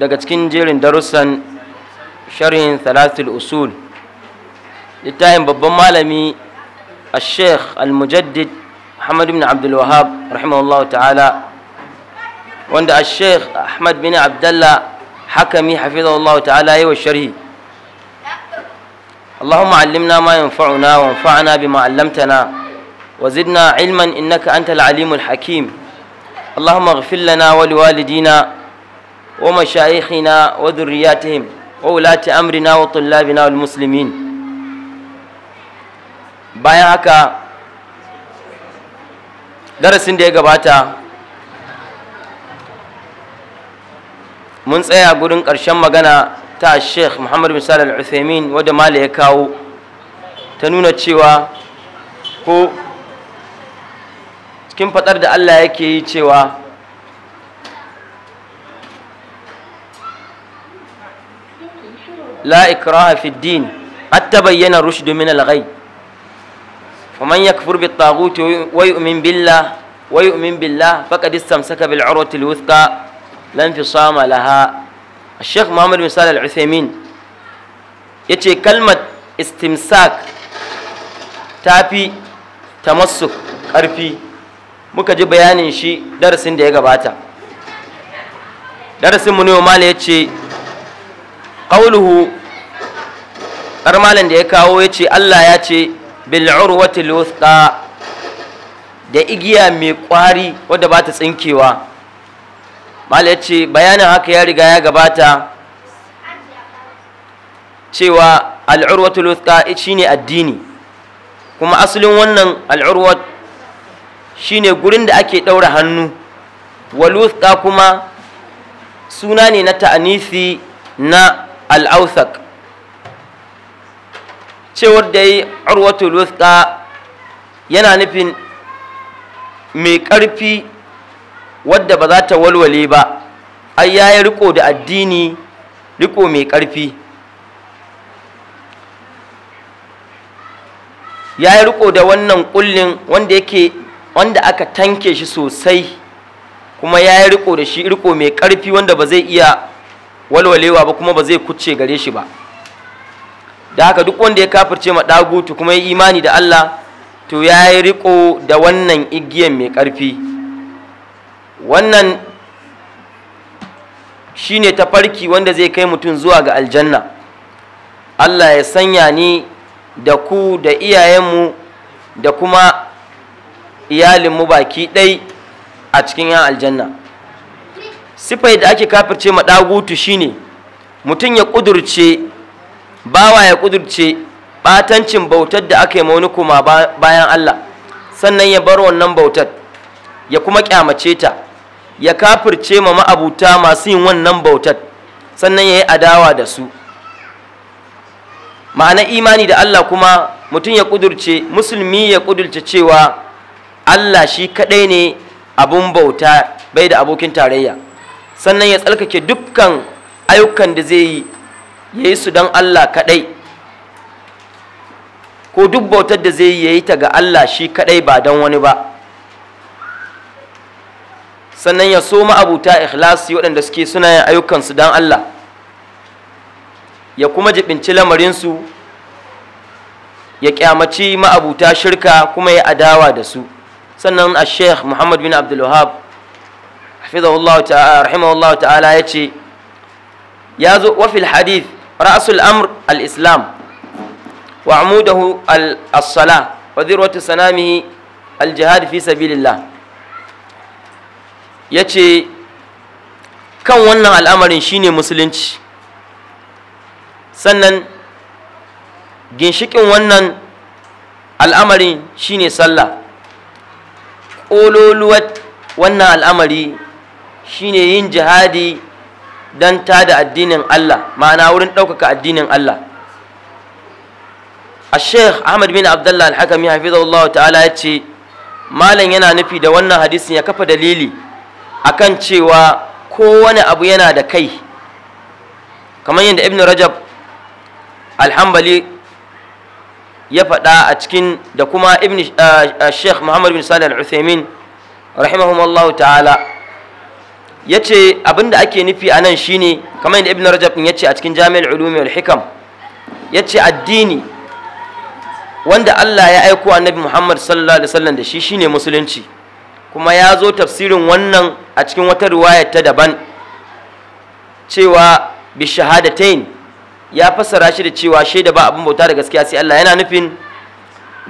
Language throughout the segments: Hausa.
daga cikin jerin darussan sharhin salatul usul littafin babban malami a sheikh al-mujaddid muhammad bin abdul wahab rahimahullahu ta'ala wanda a sheikh ahmad bin abdullah hakami hafizahullahu ta'ala yi wa sharhi اللهم علمنا ما ينفعنا وانفعنا بما علمتنا وزدنا علما انك انت العليم الحكيم اللهم اغفر لنا ولوالدينا ومشايخنا وذرياتهم وولاة أمرنا وطلابنا والمسلمين bayan haka darasin da ya gabata mun tsaya gurin karshen magana ta sheikh muhammad bin salih al-uthaymin mala ya kawo ta nuna cewa ko cikin faɗar da allah yake yi cewa la ikraha fi din hatta bayyana rushdu min al-ghay faman yakfur bit taghut wa yu'min billah wa yu'min billah faqad istamsaka bil urwati al-wuthqa la infisama laha الشيخ محمد بن صالح العثيمين يتي كلمة istimsak tafi tamassuk ƙarfi muka ji bayanin shi darasin da ya gabata darasin mu ne mala ƙauluhu malam da ya kawo ya ce allah ya ce bil'urwatil wuthqa da igiya mai ƙwari wadda ba ta tsinkewa mala ya ce bayanin haka ya riga ya gabata cewa al'urwatul wuthqa shine addini kuma asalin wannan al'urwat shine gurin da ake ɗaura hannu wal kuma suna ne na ta'anisi na al'ausak cewar da yi urwatul wuthqa yana nufin mai ƙarfi wadda ba za ta walwale ba ai ya yi riko da addini riko mai ƙarfi ya yi riko da wannan kullin wanda yake wanda aka tanke shi sosai kuma ya yi riko da shi riko mai ƙarfi wanda ba zai iya walwalewa ba kuma ba zai kuce gare shi ba da haka duk wanda ya kafirce ma ɗagutu kuma ya imani da Allah to ya yi riko da wannan igiyan mai ƙarfi wannan shi ne tafarki wanda zai kai mutum zuwa ga aljanna Allah ya sanya ni da ku da iyayenmu da kuma iyalinmu baki ɗai a cikin yan aljanna sifai da ake kafirce ma ɗagutu shine mutum ya ƙudurce bawa ya ƙudurce ɓatancin bautar da aka yi ma wani kuma bayan Allah sannan ya bar wannan bautar ya kuma ƙyamace ta ya kafirce ma ma'abuta masu yin wannan bautar sannan ya yi adawa da su ma'ana imani da Allah kuma mutum ya ƙudurce musulmi ya ƙudurce cewa Allah shi kaɗai ne abun bauta bai da abokin tarayya sannan ya tsarkake dukkan ayyukan da zai yi ya yi su don Allah kaɗai ko duk bautar da zai yi ya yi ta ga Allah shi kaɗai ba don wani ba sannan ya so ma'abuta ikhlasi waɗanda suke suna yin ayyukansu don Allah ya kuma jibinci lamarinsu ya kyamaci ma'abuta shirka kuma ya adawa da su sannan a sheikh muhammad bin abdulwahab hafizahullahu ta'ala rahimahullahu ta'ala yace ya zo wa fil hadith ra'sul amr al islam wa amudahu al as-sala wa dhirwatu sanamihi al jihad fi sabilillah yace kan wannan al'amarin shine musulunci sannan ginshikin wannan al'amarin shine sallah ƙololuwar wannan al'amari shine yin jihadi don da addinin Allah ma'ana wurin ɗaukaka addinin Allah a sheikh ahmad bin abdullah al-hakami Allah ta'ala ya ce malam yana nufi da wannan hadisin ya kafa dalili akan cewa kowane abu yana da kai kamar yadda ibn rajab alhambali ya faɗa a cikin da kuma ibn eh, eh, sheikh muhammad bin salih al-uthaymin rahimahumallahu ta'ala yace abinda ake nufi a nan shine kamar yadda ibn rajab ya ce a cikin jami'ar ulumi wal hikam ya addini wanda allah ya aiko annabi muhammad sallallahu alaihi wasallam da shi shine musulunci kuma ya zo tafsirin wannan a cikin wata riwayar ta daban cewa bi shahadatain ya fassara shi da cewa shaida ba abin bauta da gaskiya sai allah yana nufin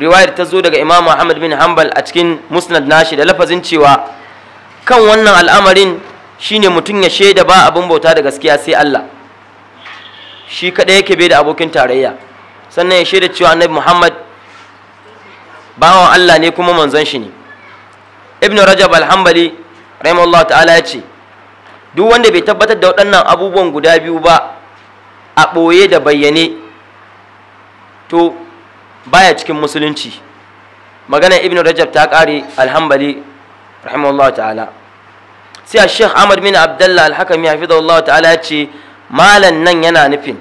riwayar ta zo daga imam ahmad bin hanbal a cikin musnad nashi da lafazin cewa kan wannan al'amarin Shi ne mutum ya shaida ba abin bauta da gaskiya sai Allah shi kaɗai yake bai da abokin tarayya sannan ya shaida cewa annabi Muhammad bawan Allah ne kuma manzon shi ne ibn rajab al-hanbali rahimahullah ta'ala ya ce duk wanda bai tabbatar da waɗannan abubuwan guda biyu ba a ɓoye da bayyane to baya cikin musulunci magana ibn rajab ta ƙare alhambali rahimahullah ta'ala sai a sheikh ahmad bin abdullah alhakami hafizahullah ta'ala ya ce malan nan yana nufin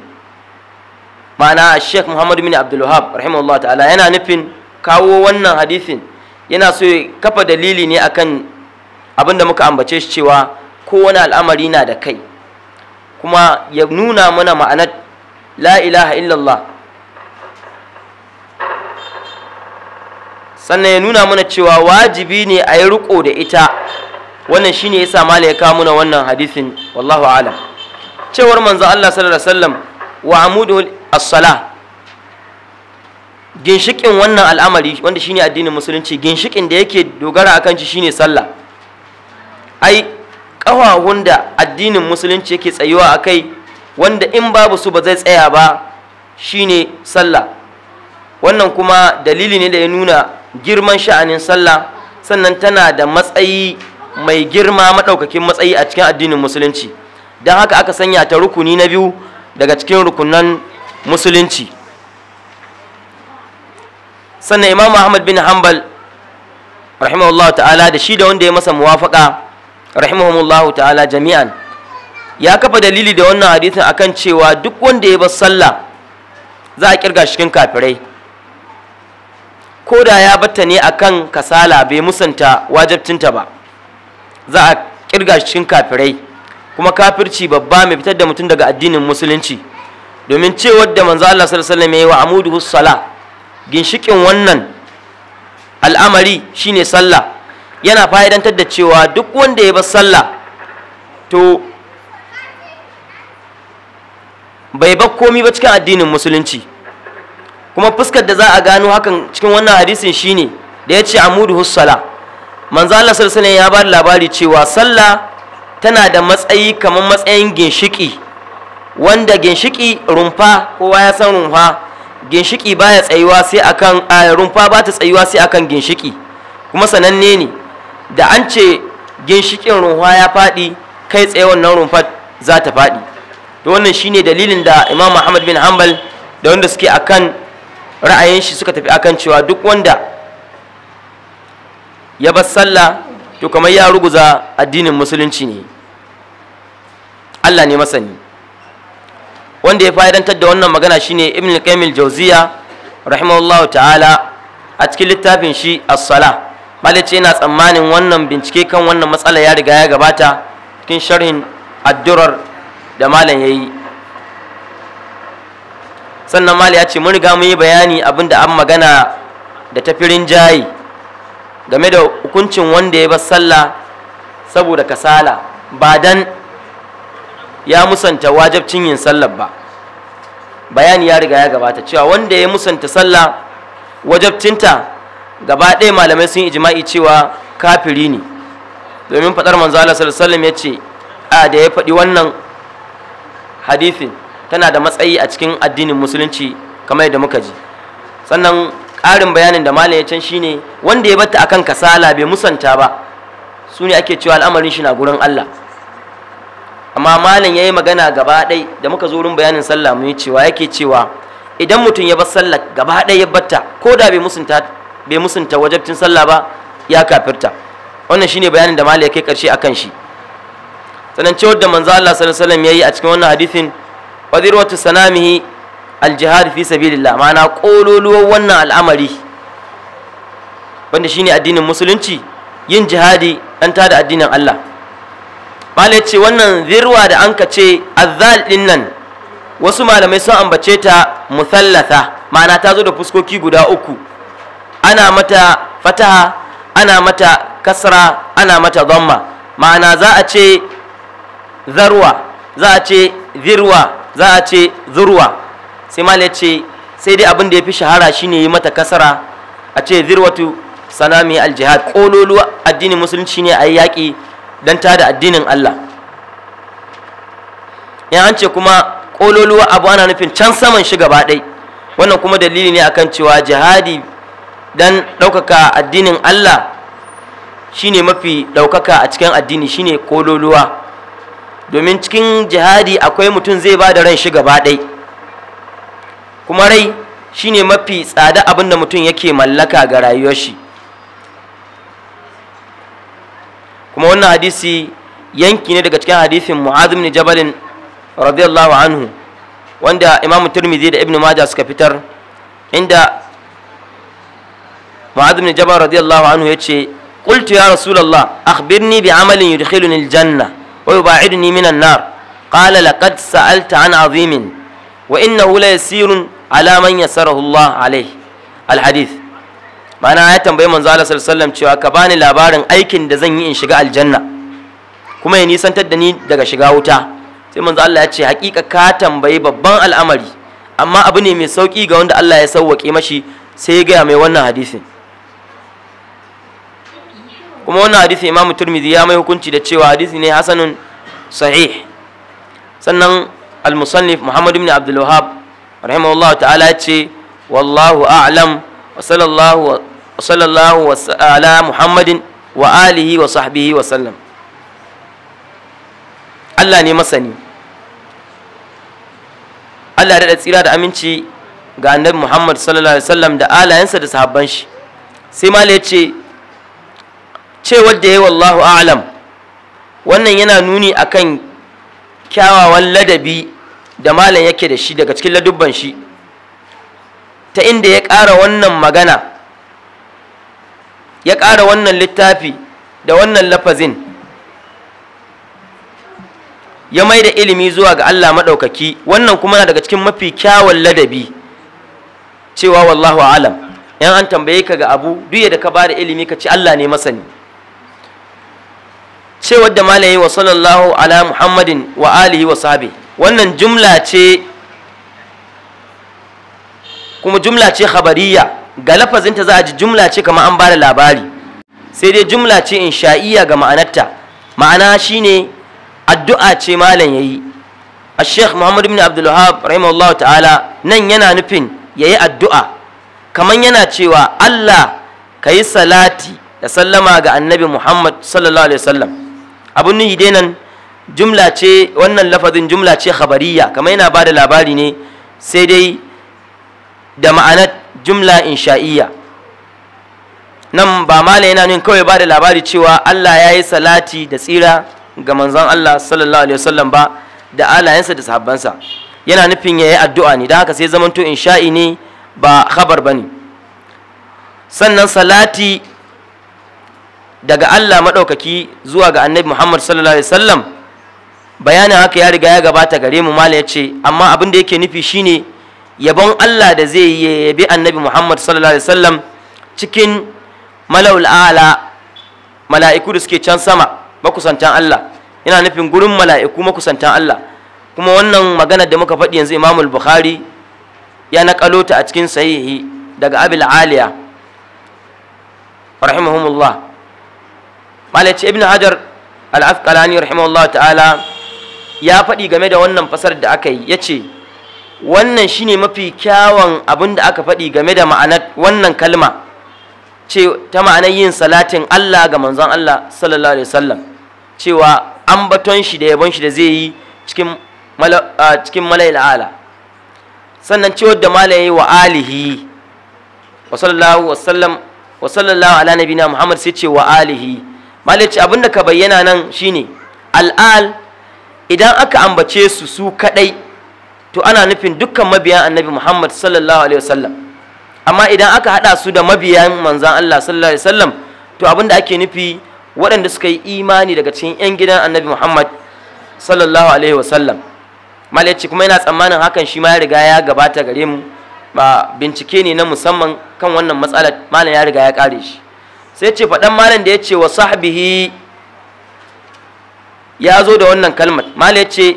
ma'ana a sheikh muhammad bin abdulwahab rahimahullah ta'ala yana nufin kawo wannan hadisin yana so ya kafa dalili ne akan abin da muka ambace shi cewa kowane al'amari na da kai kuma ya nuna mana ma'anar la ilaha illallah sannan ya nuna mana cewa wajibi ne a yi riko da ita wannan shine yasa mala ya kawo muna wannan hadisin wallahu alam cewar manzo Allah sallallahu alaihi wasallam wa amudu as-salah ginshikin wannan al'amari wanda shine addinin musulunci ginshikin da yake dogara akan shi shine sallah ai kawahun da addinin musulunci yake tsayuwa akai wanda in babu su ba zai tsaya ba shine sallah wannan kuma dalili ne da ya nuna girman sha'anin sallah sannan tana da matsayi mai girma maɗaukakin matsayi a cikin addinin musulunci don haka aka sanya ta rukuni na biyu daga cikin rukunan musulunci sannan imamu ahmad bin hanbal rahimahullahu ta'ala da shi da wanda ya masa muwafaka rahimahumullah ta'ala jami'an ya kafa dalili da wannan hadithin akan cewa duk wanda ya bar sallah za a kirga cikin kafirai ko da ya batta ne akan kasala bai musanta wajabcinta ba za a kirga cikin kafirai kuma kafirci babba mai fitar da mutum daga addinin musulunci domin cewar da manzo Allah sallallahu alaihi wa amuduhu sala ginshikin wannan al'amari shine sallah yana fa'idantar da cewa duk wanda ya bar sallah to bai bar komi ba cikin addinin musulunci kuma fuskar da za a gano hakan cikin wannan hadisin shine da ya ce amuduhu sala manzo Allah sallallahu alaihi ya ba labari cewa sallah tana da matsayi kamar matsayin ginshiki wanda ginshiki rumfa kowa ya san rumfa ginshiki baya tsayuwa sai akan rumfa ba ta tsayuwa sai akan ginshiki kuma sananne ne da an ce ginshikin rumfa ya faɗi kai tsaye wannan rumfa za ta faɗi to wannan shine dalilin da imam ahmad bin hanbal da wanda suke akan ra'ayin shi suka tafi akan cewa duk wanda ya bar sallah to kamar ya ruguza addinin musulunci ne Allah ne masani wanda ya fa'idantar da wannan magana shine ibn qayyim al-jawziya rahimahullahu ta'ala a cikin littafin shi as-sala malice yana tsammanin wannan bincike kan wannan matsala ya riga ya gabata cikin sharhin addurar da malam yayi sannan mali ya ce mun riga mun yi bayani abinda an magana da tafirin jayi game da hukuncin wanda ya bar sallah saboda kasala ba dan ya musanta wajabcin yin sallar ba bayani ya riga ya gabata cewa wanda ya musanta sallah wajabcinta gaba ɗaya malamai sun ijma'i cewa kafiri ne domin faɗar manzo Allah sallallahu alaihi ya ce a da ya faɗi wannan hadithin tana da matsayi a cikin addinin musulunci kamar yadda muka ji sannan ƙarin bayanin da malam ya can shi ne wanda ya batta akan kasala bai musanta ba su ne ake cewa al'amarin shi na gurin Allah amma malam ya yi magana gaba ɗai da muka zo wurin bayanin sallah mu yi cewa yake cewa idan mutum ya bar sallah gaba ɗai ya batta ko da bai musanta bai musanta wajabtin sallah ba ya kafirta wannan shine bayanin da malam ya kai karshe akan shi sanan cewa da manzo Allah sallallahu alaihi wasallam yayi a cikin wannan hadisin wadirwatu sanamihi aljihad fi sabilillah ma'ana kololuwar wannan al'amari wanda shine addinin musulunci yin jihadi an tada addinin Allah mala ce wannan zirwa da an ce azzal din wasu malamai sun ambace ta musallasa ma'ana ta zo da fuskoki guda uku ana mata fataha ana mata kasra ana mata dhamma ma'ana za a ce zarwa za a ce zirwa za a ce zurwa sai mal ce sai dai abin da ya fi shahara shine yi mata kasara a ce zirwatu sanami aljihad kololuwa addinin musulunci ne a yi yaƙi don ta da addinin Allah in an ce kuma kololuwa abu ana nufin can saman shi gaba ɗai wannan kuma dalili ne akan cewa jihadi don ɗaukaka addinin Allah shine mafi ɗaukaka a cikin addini shine kololuwa domin cikin jihadi akwai mutum zai ba da ran shi gaba ɗai kuma rai shine mafi tsada abin da mutum yake mallaka ga rayuwar shi kuma wannan hadisi yanki ne daga cikin hadisin mu'azim ne jabalin radiyallahu anhu wanda imamu turmizi da Ibn majah suka fitar inda mu'azim ne jabal radiyallahu anhu ce qultu ya Rasulallah! akhbirni bi amalin yudkhiluni aljanna wa yubaiduni minan nar qala laqad sa'alta an azimin wa innahu la yasirun alaman man yassarahu Allah alaihi alhadith ma'ana ya tambayi manzo Allah cewa ka bani labarin aikin da zan yi in shiga aljanna kuma ya nisantar da ni daga shiga wuta sai manzo Allah ya ce hakika ka tambayi babban al'amari amma abu ne mai sauki ga wanda Allah ya sauwake mashi sai ya gaya mai wannan hadisin kuma wannan hadisi imam turmizi ya mai hukunci da cewa hadisi ne hasanun sahih sannan al محمد بن عبد الوهاب رحمه الله تعالى والله wa sallallahu وصلى الله على محمد wa وصحبه وسلم الله ني مسني Allah ne masani Allah da tsira da aminci ga annabi Muhammad sallallahu alaihi wasallam da alayensa da sahabban shi sai mala yace ce yayi wallahu a'lam wannan yana nuni akan kyawawan ladabi da malam yake da shi daga cikin ladubban shi ta inda ya ƙara wannan magana ya ƙara wannan littafi da wannan lafazin ya mai da ilimi zuwa ga Allah maɗaukaki wannan kuma na daga cikin mafi kyawun ladabi cewa wallahu alam yan an tambaye ka ga abu duk da ka ba da ilimi ka ci Allah ne masani ce wadda malayi wa sallallahu ala muhammadin wa alihi wa sabi wannan jumla ce kuma jumla ce khabariya ga lafazinta za a ji jumla ce kama an bada labari sai dai jumla ce insha'iyya ga ma'anarta ma'ana shine addu'a ce malam yayi a sheikh muhammad ibn abdul wahab ta'ala nan yana nufin ya yi addu'a kamar yana cewa allah ka yi salati da sallama ga annabi muhammad sallallahu alaihi wasallam abun nihi dai nan jumla ce wannan lafazin jumla ce khabariya kamar yana bada labari ne sai dai da ma'anar jumla insha'iyya nan ba mala yana nuna kawai bada labari cewa Allah ya yi salati da tsira ga manzon Allah sallallahu alaihi wasallam ba da alayensa da sahabbansa yana nufin ya yi addu'a ne da haka sai zamanto insha'i ne ba khabar ba ne sannan salati daga Allah maɗaukaki zuwa ga annabi Muhammad sallallahu alaihi wasallam bayanin haka ya riga ya gabata gare mu mala ya ce amma abin da yake nufi shine yabon Allah da zai yi yabi annabi Muhammad sallallahu alaihi wasallam cikin mala'ul ala mala'iku da suke can sama makusantan Allah yana nufin gurin mala'iku makusantan Allah kuma wannan magana da muka faɗi yanzu Imamul Bukhari ya naƙalo ta a cikin sahihi daga Abil Aliya rahimahumullah malaci ibn hajar al-asqalani rahimahullah ta'ala ya faɗi game da wannan fasar da aka yi ya ce wannan shine mafi kyawun abin da aka faɗi game da ma'anar wannan kalma ce ta ma'anar yin salatin Allah ga manzon Allah sallallahu alaihi wasallam cewa ambaton shi da yabon shi da zai yi cikin mala'il ala sannan ciwon da malaye wa alihi wa sallallahu wa wa sallallahu ala nabina muhammad sai ce wa alihi abin da ka bayyana nan shine al'al idan aka ambace su su kaɗai, to ana nufin dukkan mabiyan annabi muhammad sallallahu alaihi wasallam amma idan aka hada su da mabiya manzan allah sallallahu alaihi wasallam to abin da ake nufi waɗanda suka yi imani daga cikin 'yan gidan annabi muhammad sallallahu alaihi wasallam malici kuma yana tsammanin hakan shi ma ya riga ya gabata gare mu ba bincike ne na musamman kan wannan matsalar malam ya riga ya kare shi sai ce faɗan malam da ya ce wa sahbihi ya zo da wannan kalmar malam ya ce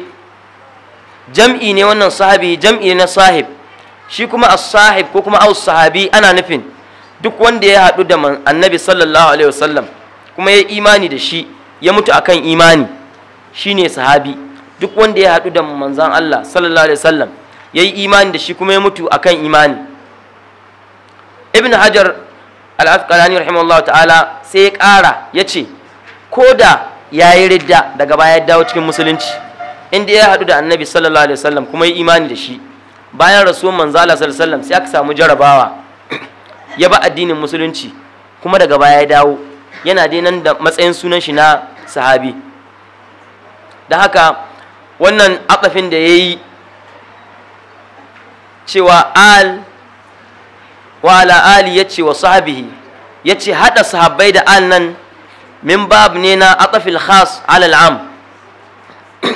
jam'i ne wannan sahabi jam'i na sahib shi kuma as sahib ko kuma aus sahabi ana nufin duk wanda ya haɗu da annabi sallallahu alaihi wasallam kuma ya imani da shi ya mutu akan imani shi ne sahabi duk wanda ya haɗu da manzan Allah sallallahu alaihi wasallam ya yi imani da shi kuma ya mutu akan imani ibn hajar al’asƙalani asqalani ta'ala sai ya ƙara ya ce ko da ya yi ridda daga baya ya dawo cikin musulunci inda ya haɗu da annabi sallallahu alaihi wasallam kuma ya imani da shi bayan rasuwan manzala sallallahu alaihi wasallam sai aka samu jarabawa ya ba addinin musulunci kuma daga baya ya dawo yana dai nan da matsayin sunan shi na sahabi da haka wannan atsafin da ya yi cewa al wa ala ali yace wa ya yace hada sahabbai da al nan min bab ne na atafil khas ala am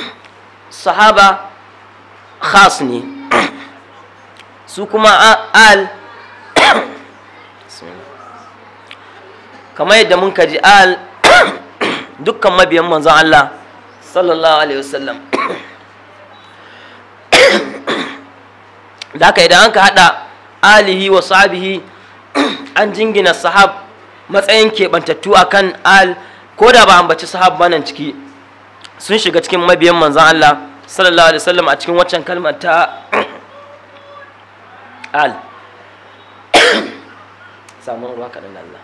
sahaba khas ne su kuma al kamar yadda mun kaji al dukkan mabiyan manzon Allah sallallahu alaihi wasallam da haka idan an ka hada alihi wa sahabihi an jingina sahab matsayin keɓantattu akan al ko da ba ambaci sahab ba nan ciki sun shiga cikin mabiyan manzan Allah sallallahu alaihi wasallam a cikin waccan kalmar ta al samun ruwa kaɗan Allah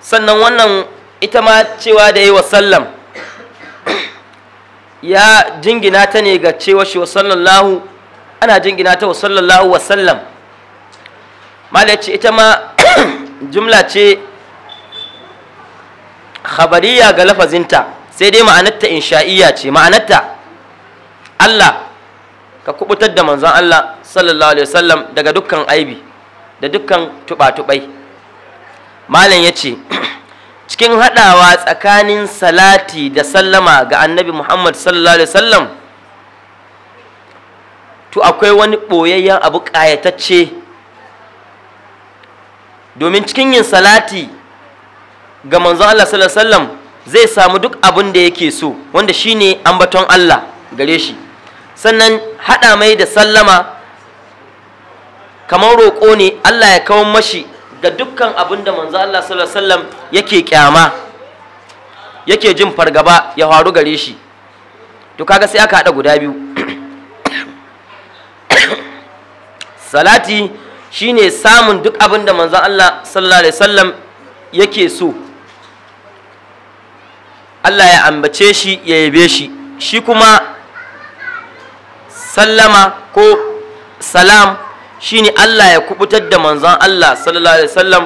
sannan wannan ita ma cewa da yi wa sallam ya jingina ta ne ga cewa shi sallallahu ana jingina ta wa sallallahu wa sallam malaci ita ma jumla ce khabariya ga lafazinta sai dai ma'anarta insha'iyya ce ma'anarta Allah ka kubutar da manzon Allah sallallahu alaihi wasallam daga dukkan aibi da dukkan tuba-tubai malam ya ce cikin haɗawa tsakanin salati da sallama ga annabi muhammad sallallahu alaihi wasallam to akwai wani ɓoyayyen abu ƙayatacce domin cikin yin salati ga manzo Allah sallallahu alaihi wasallam zai samu duk abin da yake so wanda shine ambaton Allah gare shi sannan haɗa mai da sallama kamar roƙo ne Allah ya kawo mashi ga dukkan abin da manzo Allah sallallahu alaihi wasallam yake kyama yake jin fargaba ya faru gare shi to kaga sai aka hada guda biyu salati shine samun duk abin da manzo Allah sallallahu alaihi wasallam yake so Allah ya ambace shi ya yabe shi shi kuma sallama ko salam shine Allah ya kubutar da manzon Allah sallallahu alaihi wasallam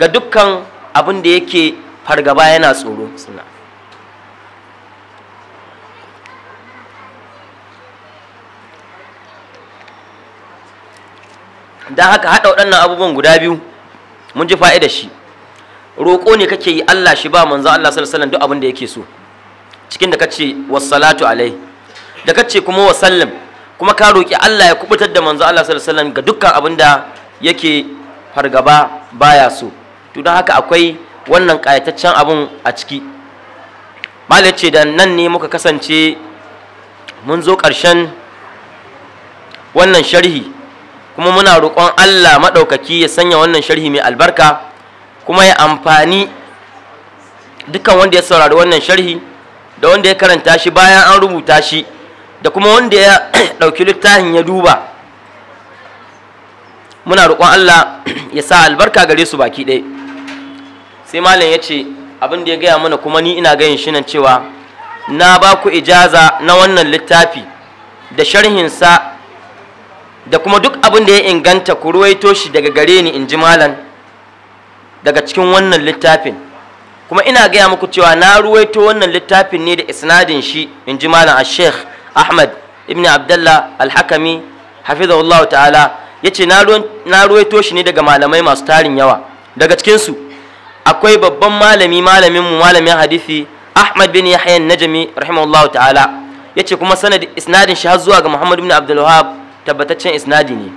ga dukkan abin da yake fargaba yana tsoro suna don haka haɗa waɗannan abubuwan guda biyu mun ji fa'ida shi roƙo ne kake yi Allah shi ba manzan Allah sallallahu alaihi wasallam duk abin da yake so cikin da kace wassalatu alai da kace kuma wasallam kuma ka roƙi Allah ya kubutar da manzo Allah sallallahu alaihi wasallam ga dukkan abin da yake fargaba baya so to don haka akwai wannan ƙayataccen abun a ciki malai ce da nan ne muka kasance mun zo ƙarshen wannan sharhi kuma muna roƙon Allah maɗaukaki ya sanya wannan sharhi mai albarka kuma ya amfani dukkan wanda ya saurari wannan sharhi da wanda ya karanta shi bayan an rubuta shi da kuma wanda ya ɗauki littafin ya duba muna roƙon Allah ya sa albarka gare su baki ɗaya sai malam ya ce abin da ya gaya mana kuma ni ina gayin shi nan cewa na ba ku ijaza na wannan littafi da sharhinsa da kuma duk abin da ya inganta ku ruwaito shi daga gare ni in ji malam daga cikin wannan littafin kuma ina gaya muku cewa na ruwaito wannan littafin ne da isnadin shi in ji malam a sheikh ahmad ibn abdullah alhakami hafizahullahu ta'ala ya ce na ruwaito shi ne daga malamai masu tarin yawa daga cikin su akwai babban malami malamin mu malamin hadisi ahmad bin yahya najami rahimahullahu ta'ala ya kuma sanadin isnadin shi har zuwa ga muhammad ibn abdul wahab tabbataccen isnadi ne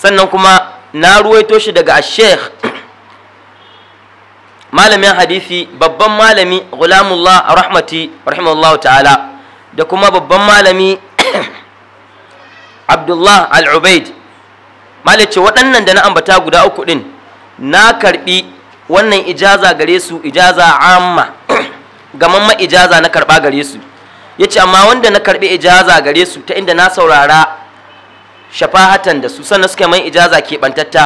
sannan kuma na ruwaito shi daga sheikh malamin hadisi babban malami gulamullah rahmati rahimahullahu ta'ala da kuma babban malami abdullah al-ubaid malice waɗannan da na ambata guda uku ɗin na karɓi wannan ijaza gare su ijaza amma ma ijaza na karɓa gare su ya ce amma wanda na karɓi ijaza gare su ta inda na saurara shafahatan da su sannan suka mai ijaza ke keɓantatta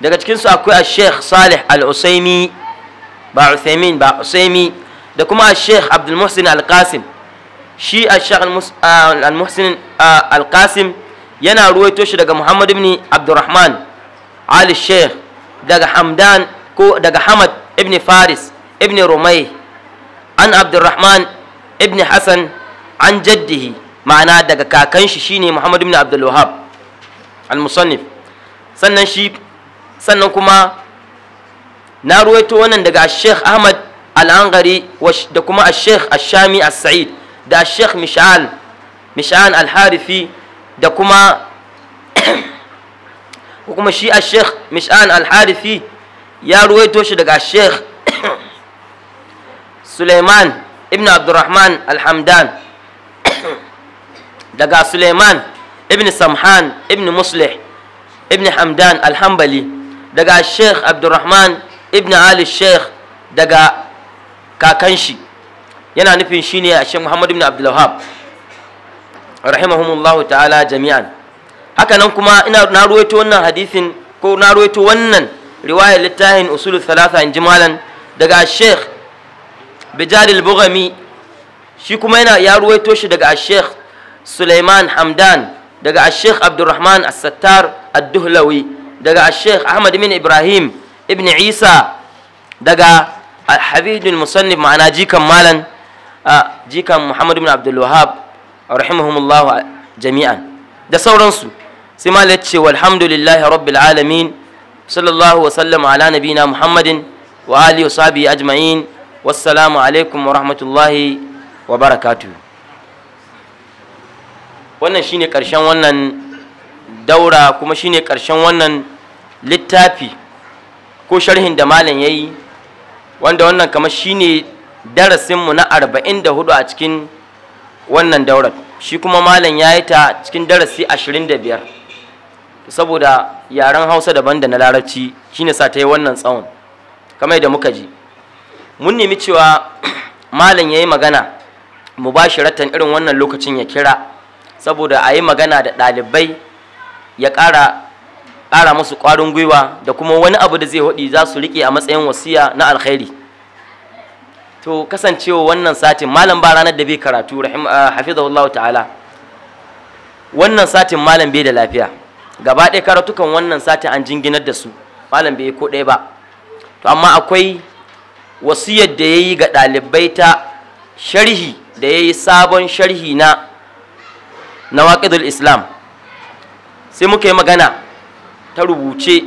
daga cikinsu akwai a sheikh salih al-usaimi ba usaimi ba usaimi da kuma a sheikh abdul muhsin al-qasim shi a shekh al-muhsin al-qasim yana ruwaito shi daga muhammad ibn abdurrahman ali sheikh daga hamdan ko daga hamad ibn faris ibn rumai an abdurrahman ibn hassan an jaddihi ma'ana daga kakan shi shine muhammad ibn abdul wahab al-musannif sannan shi sannan kuma na ruwaito wannan daga sheikh ahmad al-angari da kuma sheikh ashami as-sa'id da sheikh mishal mishal al da kuma kuma shi a sheikh mishal al ya ruwaito shi daga sheikh suleiman ibn abdurrahman al-hamdan daga suleiman ibn samhan ibn muslih ibn hamdan al-hambali daga sheikh abdurrahman ibn ali sheikh daga kakanshi yana nufin shi ne a shan muhammad ibn abdulwahab rahimahumullah ta'ala jami'an haka nan kuma ina na ruwaito wannan hadisin ko na ruwaito wannan riwaya littafin usul salasa in ji malan daga sheikh bijalil bugami shi kuma yana ya ruwaito shi daga sheikh suleiman hamdan daga sheikh abdurrahman as-sattar ad-duhlawi daga sheikh ahmad bin ibrahim ibn isa daga al al musannif ma'ana jikan malan a ah, jikan muhammad ibn abdul wahab rahimahumullah jami'an da sauransu sai ma lace walhamdulillahi rabbil alamin sallallahu wa sallama ala nabina muhammadin wa alihi wa sahbihi ajma'in wassalamu alaikum wa rahmatullahi wa barakatuh wannan shine karshen wannan daura kuma shine karshen wannan littafi ko sharhin da malam yayi wanda wannan kamar shine darasinmu na arba'in da hudu a cikin wannan daurar shi kuma malam ya yi ta cikin darasi ashirin da biyar saboda yaren hausa daban da na larabci shine sa ta yi wannan tsawon kamar da muka ji mun nemi cewa malam ya yi magana mu ba shi rattan irin wannan lokacin ya kira saboda a yi magana da ɗalibai ya ƙara ƙara musu ƙwarin gwiwa da kuma wani abu da zai haɗi za su riƙe a matsayin wasiya na alkhairi to kasancewa wannan satin malam ba ranar da bai karatu rahim ah, hafizahullahu ta'ala wannan satin malam bai da lafiya gaba ɗaya karatukan wannan satin an jinginar da su malam bai ko ɗaya ba to amma akwai wasiyar da yayi ga ɗalibai ta sharhi da yayi sabon sharhi na nawaqidul islam sai muka yi magana ta rubuce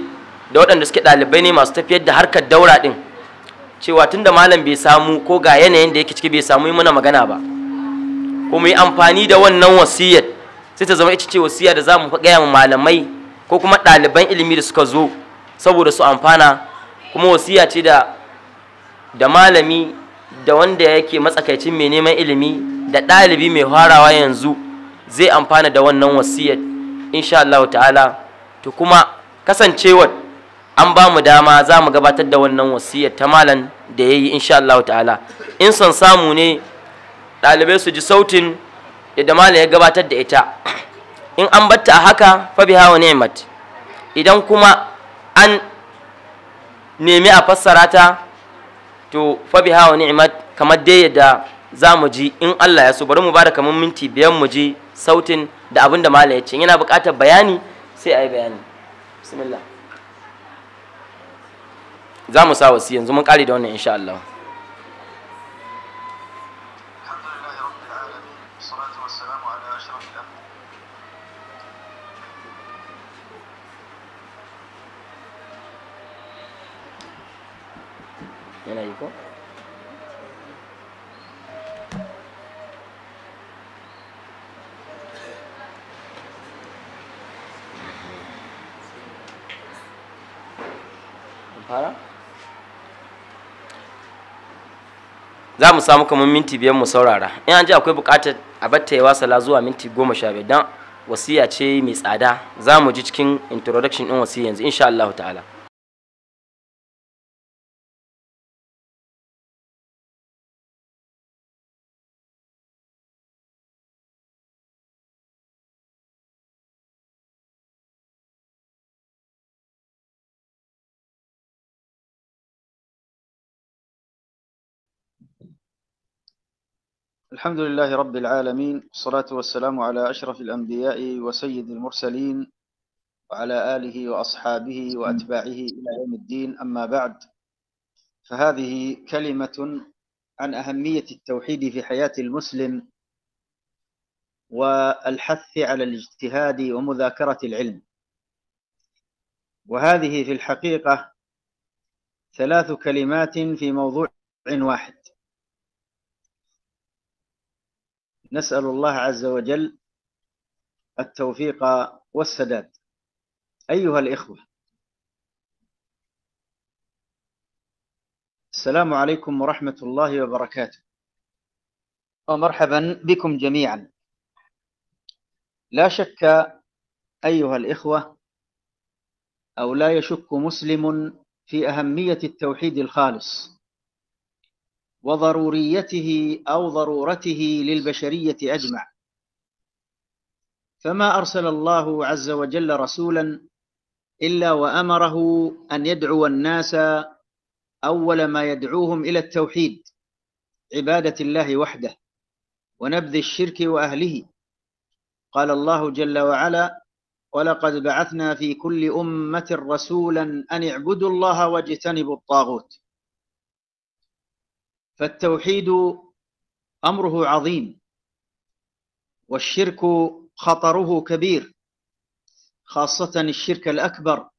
da waɗanda suke ɗalibai ne masu tafiyar da harkar daura ɗin cewa tunda malam bai samu ko ga yanayin da yake ciki bai samu yi mana magana ba ko mu yi amfani da wannan wasiyar sai ta zama ita ce wasiya da za mu gaya ma malamai ko kuma ɗaliban ilimi da suka zo saboda su amfana kuma wasiya ce da da malami da wanda yake matsakaicin mai neman ilimi da ɗalibi mai farawa yanzu zai amfana da wannan wasiyar insha Allah ta'ala to kuma kasancewar an ba mu dama za mu gabatar da wannan wasiyar ta malam da ya yi insha Allah ta'ala in son samu ne ɗalibai su ji sautin da malam ya gabatar da ita in an batta a haka fa biha wa ni'mat idan kuma an nemi a fassara ta to fa biha wa ni'mat kamar dai yadda za mu ji in Allah ya so bari mu bada kamar minti biyan mu ji sautin da abin da malam ya ce yana buƙatar bayani sai a yi bayani bismillah za mu sa wasu yanzu mun kare da wannan insha Allah Para. Uh -huh. za mu samu kamar minti biyar mu saurara in an ji akwai buƙatar a batta yawa sala zuwa minti goma sha biyar don wasiya ce mai tsada za mu ji cikin introduction din wasiya yanzu insha Allah ta'ala الحمد لله رب العالمين والصلاة والسلام على أشرف الأنبياء وسيد المرسلين وعلى آله وأصحابه وأتباعه إلى يوم الدين أما بعد فهذه كلمة عن أهمية التوحيد في حياة المسلم والحث على الاجتهاد ومذاكرة العلم وهذه في الحقيقة ثلاث كلمات في موضوع واحد نسأل الله عز وجل التوفيق والسداد أيها الإخوة السلام عليكم ورحمة الله وبركاته ومرحبا بكم جميعا لا شك أيها الإخوة أو لا يشك مسلم في أهمية التوحيد الخالص وضروريته أو ضرورته للبشرية أجمع فما أرسل الله عز وجل رسولا إلا وأمره أن يدعو الناس أول ما يدعوهم إلى التوحيد عبادة الله وحده ونبذ الشرك وأهله قال الله جل وعلا ولقد بعثنا في كل أمة رسولا أن اعبدوا الله واجتنبوا الطاغوت فالتوحيد امره عظيم والشرك خطره كبير خاصه الشرك الاكبر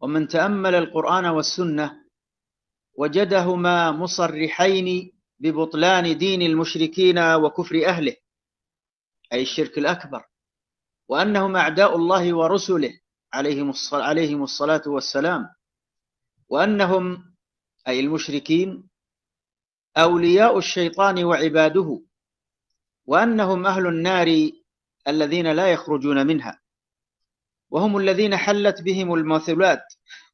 ومن تامل القران والسنه وجدهما مصرحين ببطلان دين المشركين وكفر اهله اي الشرك الاكبر وانهم اعداء الله ورسله عليهم الصلاه والسلام وانهم اي المشركين أولياء الشيطان وعباده وأنهم أهل النار الذين لا يخرجون منها وهم الذين حلت بهم المثلات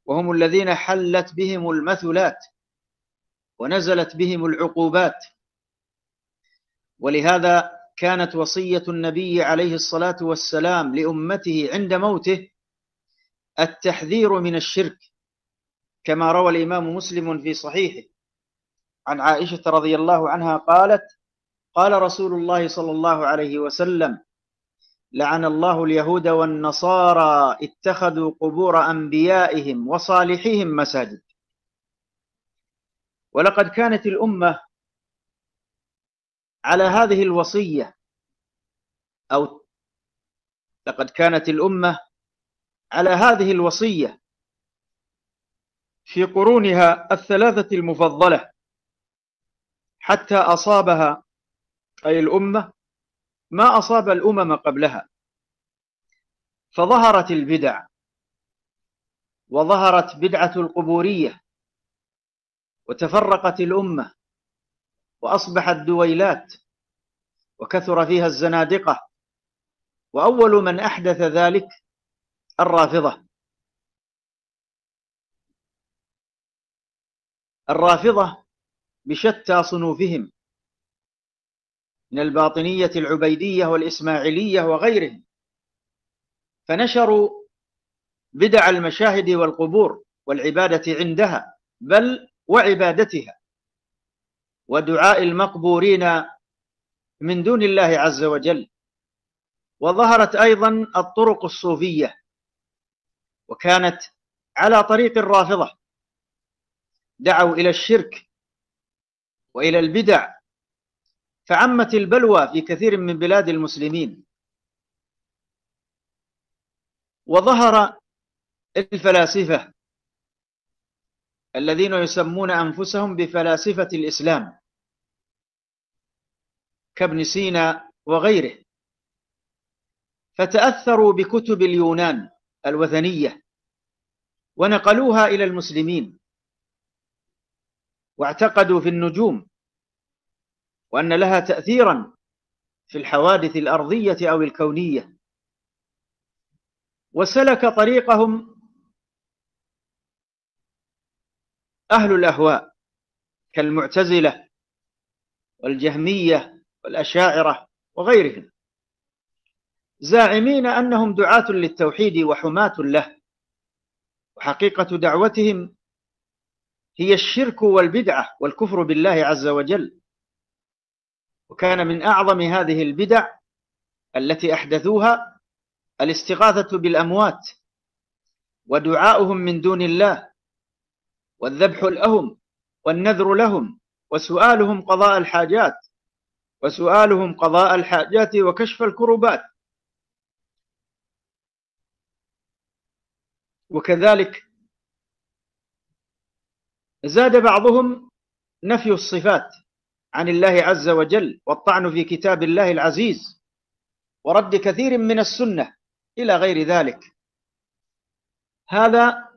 وهم الذين حلت بهم المثلات ونزلت بهم العقوبات ولهذا كانت وصية النبي عليه الصلاة والسلام لأمته عند موته التحذير من الشرك كما روى الإمام مسلم في صحيحه عن عائشة رضي الله عنها قالت قال رسول الله صلى الله عليه وسلم لعن الله اليهود والنصارى اتخذوا قبور أنبيائهم وصالحهم مساجد ولقد كانت الأمة على هذه الوصية أو لقد كانت الأمة على هذه الوصية في قرونها الثلاثة المفضلة حتى أصابها أي الأمة ما أصاب الأمم قبلها فظهرت البدع وظهرت بدعة القبورية وتفرقت الأمة وأصبحت دويلات وكثر فيها الزنادقة وأول من أحدث ذلك الرافضة الرافضة بشتى صنوفهم من الباطنية العبيدية والإسماعيلية وغيرهم فنشروا بدع المشاهد والقبور والعبادة عندها بل وعبادتها ودعاء المقبورين من دون الله عز وجل وظهرت أيضا الطرق الصوفية وكانت على طريق الرافضة دعوا إلى الشرك والى البدع فعمت البلوى في كثير من بلاد المسلمين وظهر الفلاسفه الذين يسمون انفسهم بفلاسفه الاسلام كابن سينا وغيره فتاثروا بكتب اليونان الوثنيه ونقلوها الى المسلمين واعتقدوا في النجوم وأن لها تأثيرا في الحوادث الأرضية أو الكونية وسلك طريقهم أهل الأهواء كالمعتزلة والجهمية والأشاعرة وغيرهم زاعمين أنهم دعاة للتوحيد وحماة له وحقيقة دعوتهم هي الشرك والبدعة والكفر بالله عز وجل وكان من أعظم هذه البدع التي أحدثوها الاستغاثة بالأموات ودعاؤهم من دون الله والذبح لهم والنذر لهم وسؤالهم قضاء الحاجات وسؤالهم قضاء الحاجات وكشف الكربات وكذلك زاد بعضهم نفي الصفات عن الله عز وجل والطعن في كتاب الله العزيز ورد كثير من السنة إلى غير ذلك هذا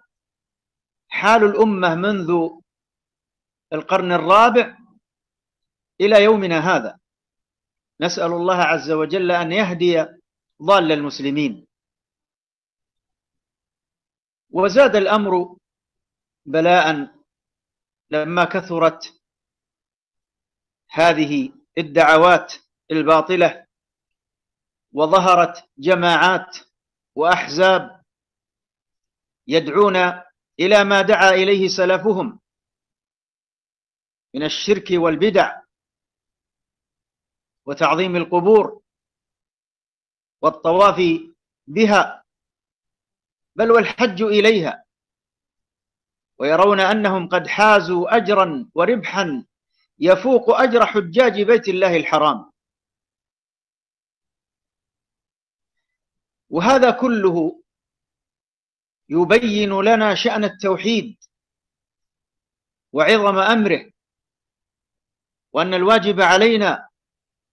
حال الأمة منذ القرن الرابع إلى يومنا هذا نسأل الله عز وجل أن يهدي ضال المسلمين وزاد الأمر بلاء لما كثرت هذه الدعوات الباطله وظهرت جماعات واحزاب يدعون الى ما دعا اليه سلفهم من الشرك والبدع وتعظيم القبور والطواف بها بل والحج اليها ويرون أنهم قد حازوا أجرا وربحا يفوق أجر حجاج بيت الله الحرام وهذا كله يبين لنا شأن التوحيد وعظم أمره وأن الواجب علينا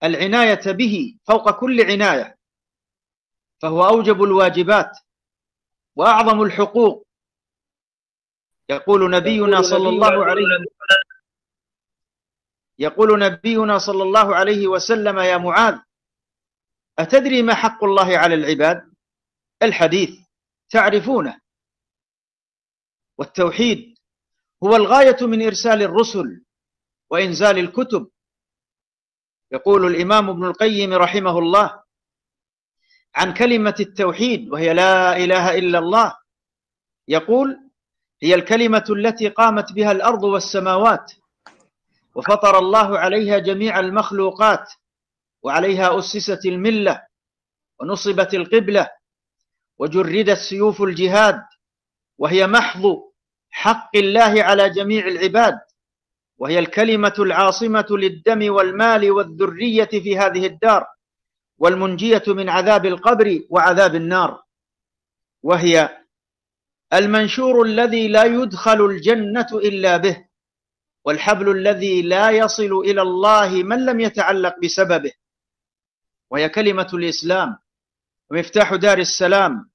العناية به فوق كل عناية فهو أوجب الواجبات وأعظم الحقوق يقول نبينا صلى الله عليه يقول نبينا صلى الله عليه وسلم يا معاذ أتدري ما حق الله على العباد الحديث تعرفونه والتوحيد هو الغاية من إرسال الرسل وإنزال الكتب يقول الإمام ابن القيم رحمه الله عن كلمة التوحيد وهي لا إله إلا الله يقول هي الكلمة التي قامت بها الأرض والسماوات وفطر الله عليها جميع المخلوقات وعليها أسست الملة ونصبت القبلة وجردت سيوف الجهاد وهي محض حق الله على جميع العباد وهي الكلمة العاصمة للدم والمال والذرية في هذه الدار والمنجية من عذاب القبر وعذاب النار وهي المنشور الذي لا يدخل الجنة إلا به والحبل الذي لا يصل إلى الله من لم يتعلق بسببه وهي كلمة الإسلام ومفتاح دار السلام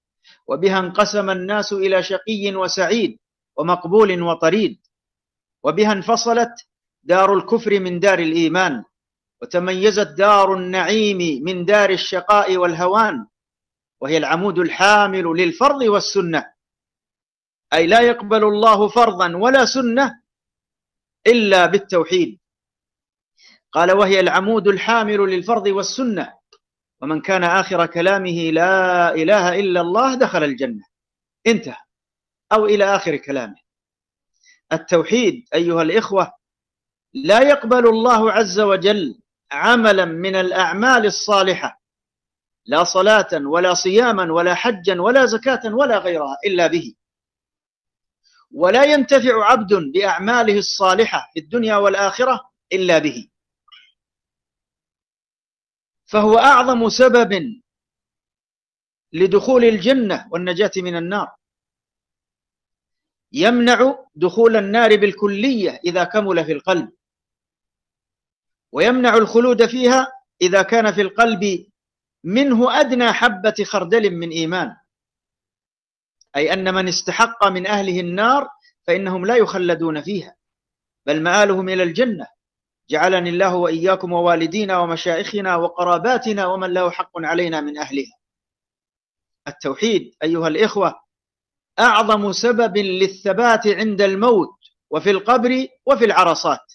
وبها انقسم الناس إلى شقي وسعيد ومقبول وطريد وبها انفصلت دار الكفر من دار الإيمان وتميزت دار النعيم من دار الشقاء والهوان وهي العمود الحامل للفرض والسنة أي لا يقبل الله فرضا ولا سنة إلا بالتوحيد قال وهي العمود الحامل للفرض والسنة ومن كان آخر كلامه لا إله إلا الله دخل الجنة انتهى أو إلى آخر كلامه التوحيد أيها الإخوة لا يقبل الله عز وجل عملا من الأعمال الصالحة لا صلاة ولا صياما ولا حجا ولا زكاة ولا غيرها إلا به ولا ينتفع عبد بأعماله الصالحة في الدنيا والآخرة إلا به فهو أعظم سبب لدخول الجنة والنجاة من النار يمنع دخول النار بالكلية إذا كمل في القلب ويمنع الخلود فيها إذا كان في القلب منه أدنى حبة خردل من إيمان أي أن من استحق من أهله النار فإنهم لا يخلدون فيها بل مآلهم إلى الجنة جعلني الله وإياكم ووالدينا ومشائخنا وقراباتنا ومن له حق علينا من أهلها التوحيد أيها الإخوة أعظم سبب للثبات عند الموت وفي القبر وفي العرصات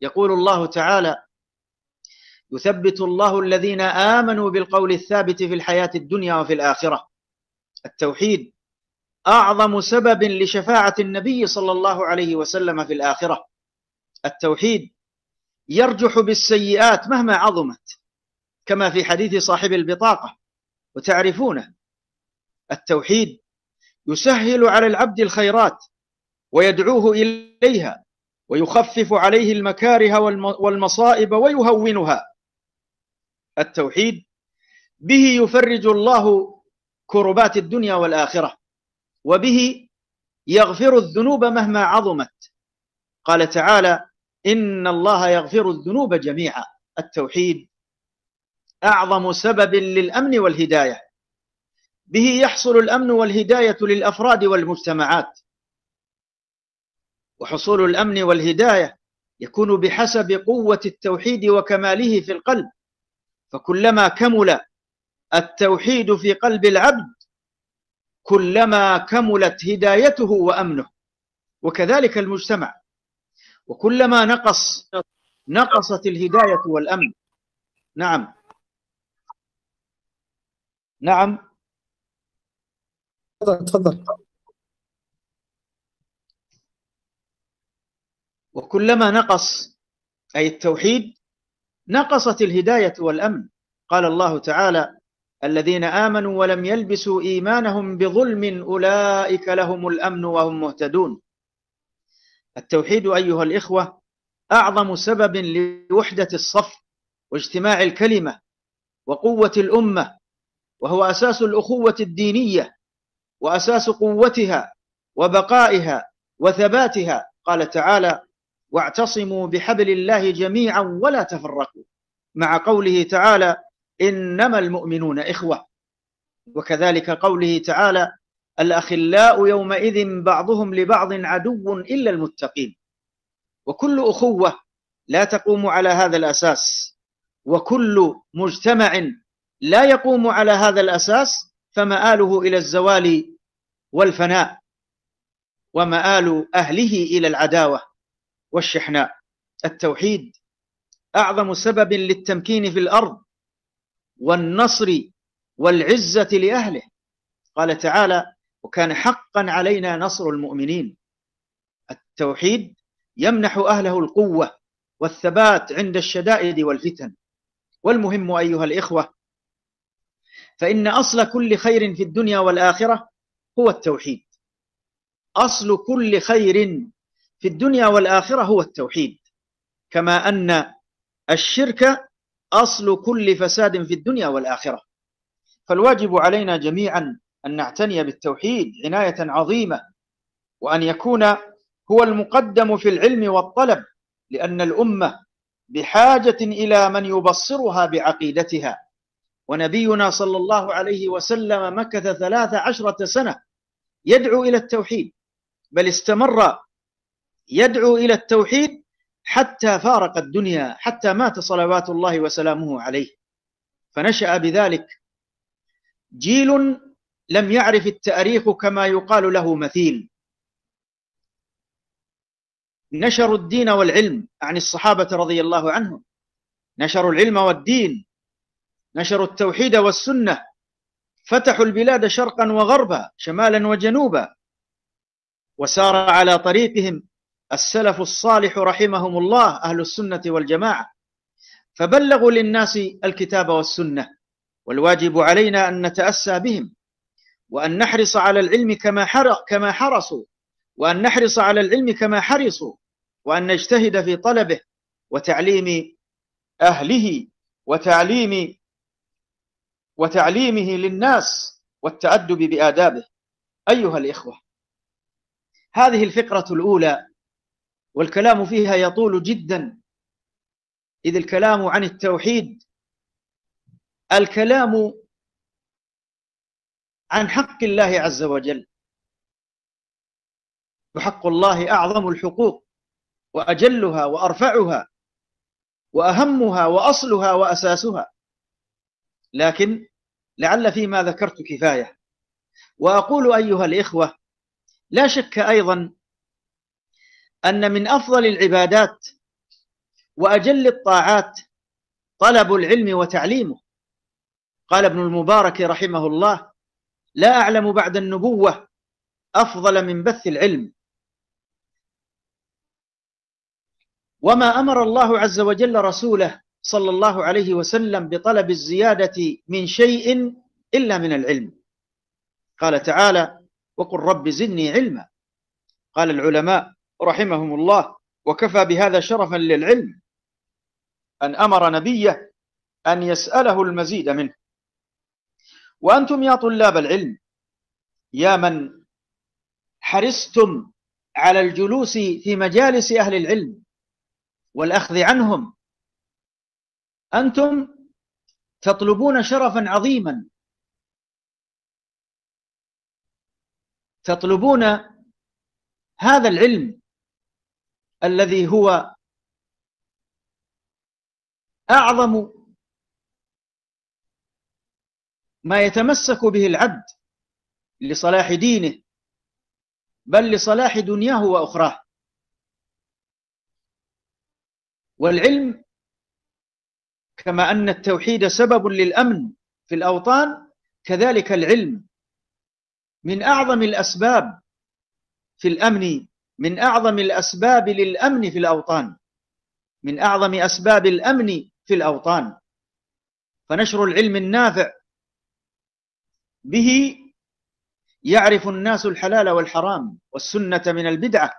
يقول الله تعالى يثبت الله الذين آمنوا بالقول الثابت في الحياة الدنيا وفي الآخرة التوحيد اعظم سبب لشفاعه النبي صلى الله عليه وسلم في الاخره التوحيد يرجح بالسيئات مهما عظمت كما في حديث صاحب البطاقه وتعرفونه التوحيد يسهل على العبد الخيرات ويدعوه اليها ويخفف عليه المكاره والمصائب ويهونها التوحيد به يفرج الله كربات الدنيا والاخره وبه يغفر الذنوب مهما عظمت قال تعالى إن الله يغفر الذنوب جميعا التوحيد أعظم سبب للأمن والهداية به يحصل الأمن والهداية للأفراد والمجتمعات وحصول الأمن والهداية يكون بحسب قوة التوحيد وكماله في القلب فكلما كمل التوحيد في قلب العبد كلما كملت هدايته وامنه وكذلك المجتمع وكلما نقص نقصت الهدايه والامن نعم نعم تفضل وكلما نقص اي التوحيد نقصت الهدايه والامن قال الله تعالى الذين آمنوا ولم يلبسوا إيمانهم بظلم أولئك لهم الأمن وهم مهتدون التوحيد أيها الإخوة أعظم سبب لوحدة الصف واجتماع الكلمة وقوة الأمة وهو أساس الأخوة الدينية وأساس قوتها وبقائها وثباتها قال تعالى واعتصموا بحبل الله جميعا ولا تفرقوا مع قوله تعالى إنما المؤمنون إخوة وكذلك قوله تعالى الأخلاء يومئذ بعضهم لبعض عدو إلا المتقين وكل أخوة لا تقوم على هذا الأساس وكل مجتمع لا يقوم على هذا الأساس فمآله إلى الزوال والفناء ومآل أهله إلى العداوة والشحناء التوحيد أعظم سبب للتمكين في الأرض والنصر والعزة لأهله قال تعالى وكان حقا علينا نصر المؤمنين التوحيد يمنح أهله القوة والثبات عند الشدائد والفتن والمهم أيها الإخوة فإن أصل كل خير في الدنيا والآخرة هو التوحيد أصل كل خير في الدنيا والآخرة هو التوحيد كما أن الشرك أصل كل فساد في الدنيا والآخرة فالواجب علينا جميعا أن نعتني بالتوحيد عناية عظيمة وأن يكون هو المقدم في العلم والطلب لأن الأمة بحاجة إلى من يبصرها بعقيدتها ونبينا صلى الله عليه وسلم مكث ثلاث عشرة سنة يدعو إلى التوحيد بل استمر يدعو إلى التوحيد حتى فارق الدنيا حتى مات صلوات الله وسلامه عليه فنشأ بذلك جيل لم يعرف التأريخ كما يقال له مثيل نشروا الدين والعلم عن الصحابة رضي الله عنهم نشروا العلم والدين نشروا التوحيد والسنة فتحوا البلاد شرقا وغربا شمالا وجنوبا وسار على طريقهم السلف الصالح رحمهم الله أهل السنة والجماعة فبلغوا للناس الكتاب والسنة والواجب علينا أن نتأسى بهم وأن نحرص على العلم كما كما حرصوا وأن نحرص على العلم كما حرصوا وأن نجتهد في طلبه وتعليم أهله وتعليم وتعليمه للناس والتأدب بآدابه أيها الإخوة هذه الفقرة الأولى والكلام فيها يطول جدا إذ الكلام عن التوحيد الكلام عن حق الله عز وجل وحق الله أعظم الحقوق وأجلها وأرفعها وأهمها وأصلها وأساسها لكن لعل فيما ذكرت كفاية وأقول أيها الإخوة لا شك أيضا أن من أفضل العبادات وأجل الطاعات طلب العلم وتعليمه قال ابن المبارك رحمه الله لا أعلم بعد النبوة أفضل من بث العلم وما أمر الله عز وجل رسوله صلى الله عليه وسلم بطلب الزيادة من شيء إلا من العلم قال تعالى وقل رب زدني علما قال العلماء رحمهم الله وكفى بهذا شرفا للعلم أن أمر نبيه أن يسأله المزيد منه وأنتم يا طلاب العلم يا من حرصتم على الجلوس في مجالس أهل العلم والأخذ عنهم أنتم تطلبون شرفا عظيما تطلبون هذا العلم الذي هو أعظم ما يتمسك به العبد لصلاح دينه بل لصلاح دنياه وأخراه والعلم كما أن التوحيد سبب للأمن في الأوطان كذلك العلم من أعظم الأسباب في الأمن من أعظم الأسباب للأمن في الأوطان من أعظم أسباب الأمن في الأوطان فنشر العلم النافع به يعرف الناس الحلال والحرام والسنة من البدعة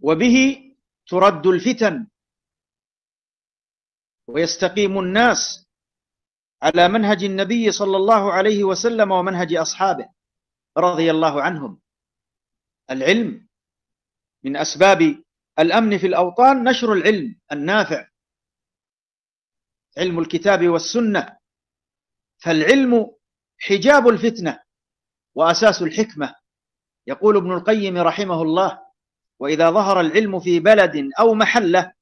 وبه ترد الفتن ويستقيم الناس على منهج النبي صلى الله عليه وسلم ومنهج أصحابه رضي الله عنهم العلم من أسباب الأمن في الأوطان نشر العلم النافع علم الكتاب والسنة فالعلم حجاب الفتنة وأساس الحكمة يقول ابن القيم رحمه الله وإذا ظهر العلم في بلد أو محلة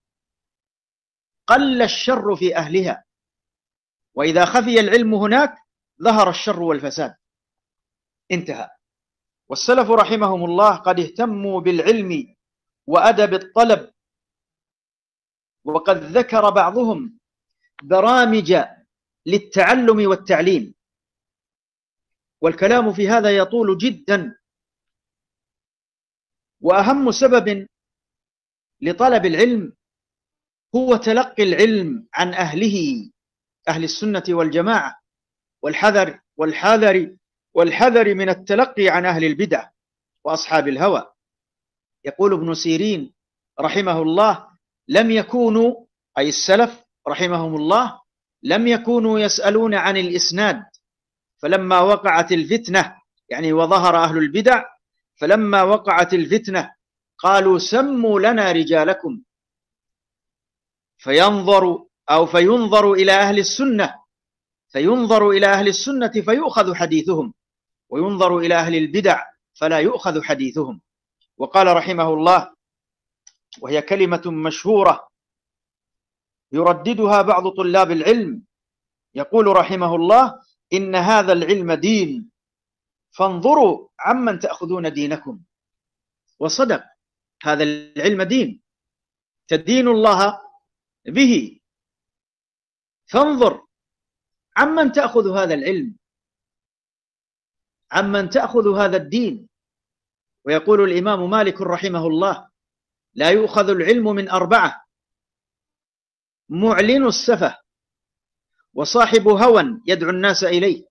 قل الشر في أهلها وإذا خفي العلم هناك ظهر الشر والفساد انتهى والسلف رحمهم الله قد اهتموا بالعلم وأدب الطلب وقد ذكر بعضهم برامج للتعلم والتعليم والكلام في هذا يطول جدا وأهم سبب لطلب العلم هو تلقي العلم عن أهله أهل السنة والجماعة والحذر والحذر والحذر من التلقي عن أهل البدع وأصحاب الهوى يقول ابن سيرين رحمه الله لم يكونوا أي السلف رحمهم الله لم يكونوا يسألون عن الإسناد فلما وقعت الفتنة يعني وظهر أهل البدع فلما وقعت الفتنة قالوا سموا لنا رجالكم فينظر أو فينظر إلى أهل السنة فينظر إلى أهل السنة فيؤخذ حديثهم وينظر إلى أهل البدع فلا يؤخذ حديثهم وقال رحمه الله وهي كلمة مشهورة يرددها بعض طلاب العلم يقول رحمه الله إن هذا العلم دين فانظروا عمن تأخذون دينكم وصدق هذا العلم دين تدين الله به فانظر عمن تأخذ هذا العلم عمن تأخذ هذا الدين ويقول الإمام مالك رحمه الله لا يؤخذ العلم من أربعة معلن السفه وصاحب هوى يدعو الناس إليه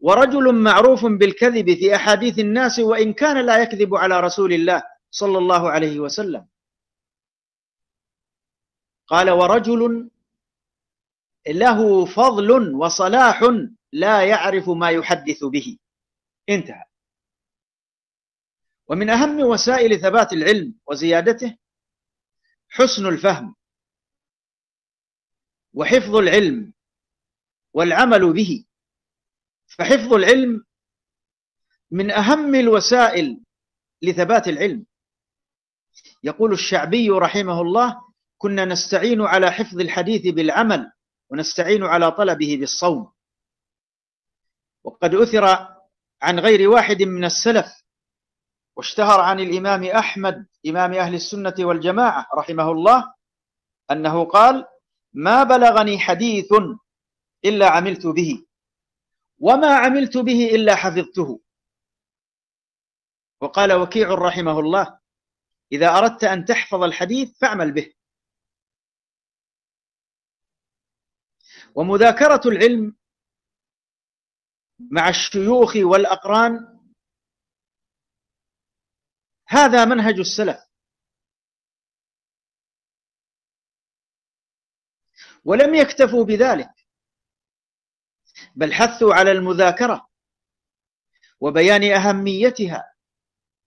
ورجل معروف بالكذب في أحاديث الناس وإن كان لا يكذب على رسول الله صلى الله عليه وسلم قال ورجل له فضل وصلاح لا يعرف ما يحدث به انتهى ومن أهم وسائل ثبات العلم وزيادته حسن الفهم وحفظ العلم والعمل به فحفظ العلم من أهم الوسائل لثبات العلم يقول الشعبي رحمه الله كنا نستعين على حفظ الحديث بالعمل ونستعين على طلبه بالصوم وقد أثر عن غير واحد من السلف واشتهر عن الإمام أحمد إمام أهل السنة والجماعة رحمه الله أنه قال ما بلغني حديث إلا عملت به وما عملت به إلا حفظته وقال وكيع رحمه الله إذا أردت أن تحفظ الحديث فاعمل به ومذاكرة العلم مع الشيوخ والأقران هذا منهج السلف ولم يكتفوا بذلك بل حثوا على المذاكرة وبيان أهميتها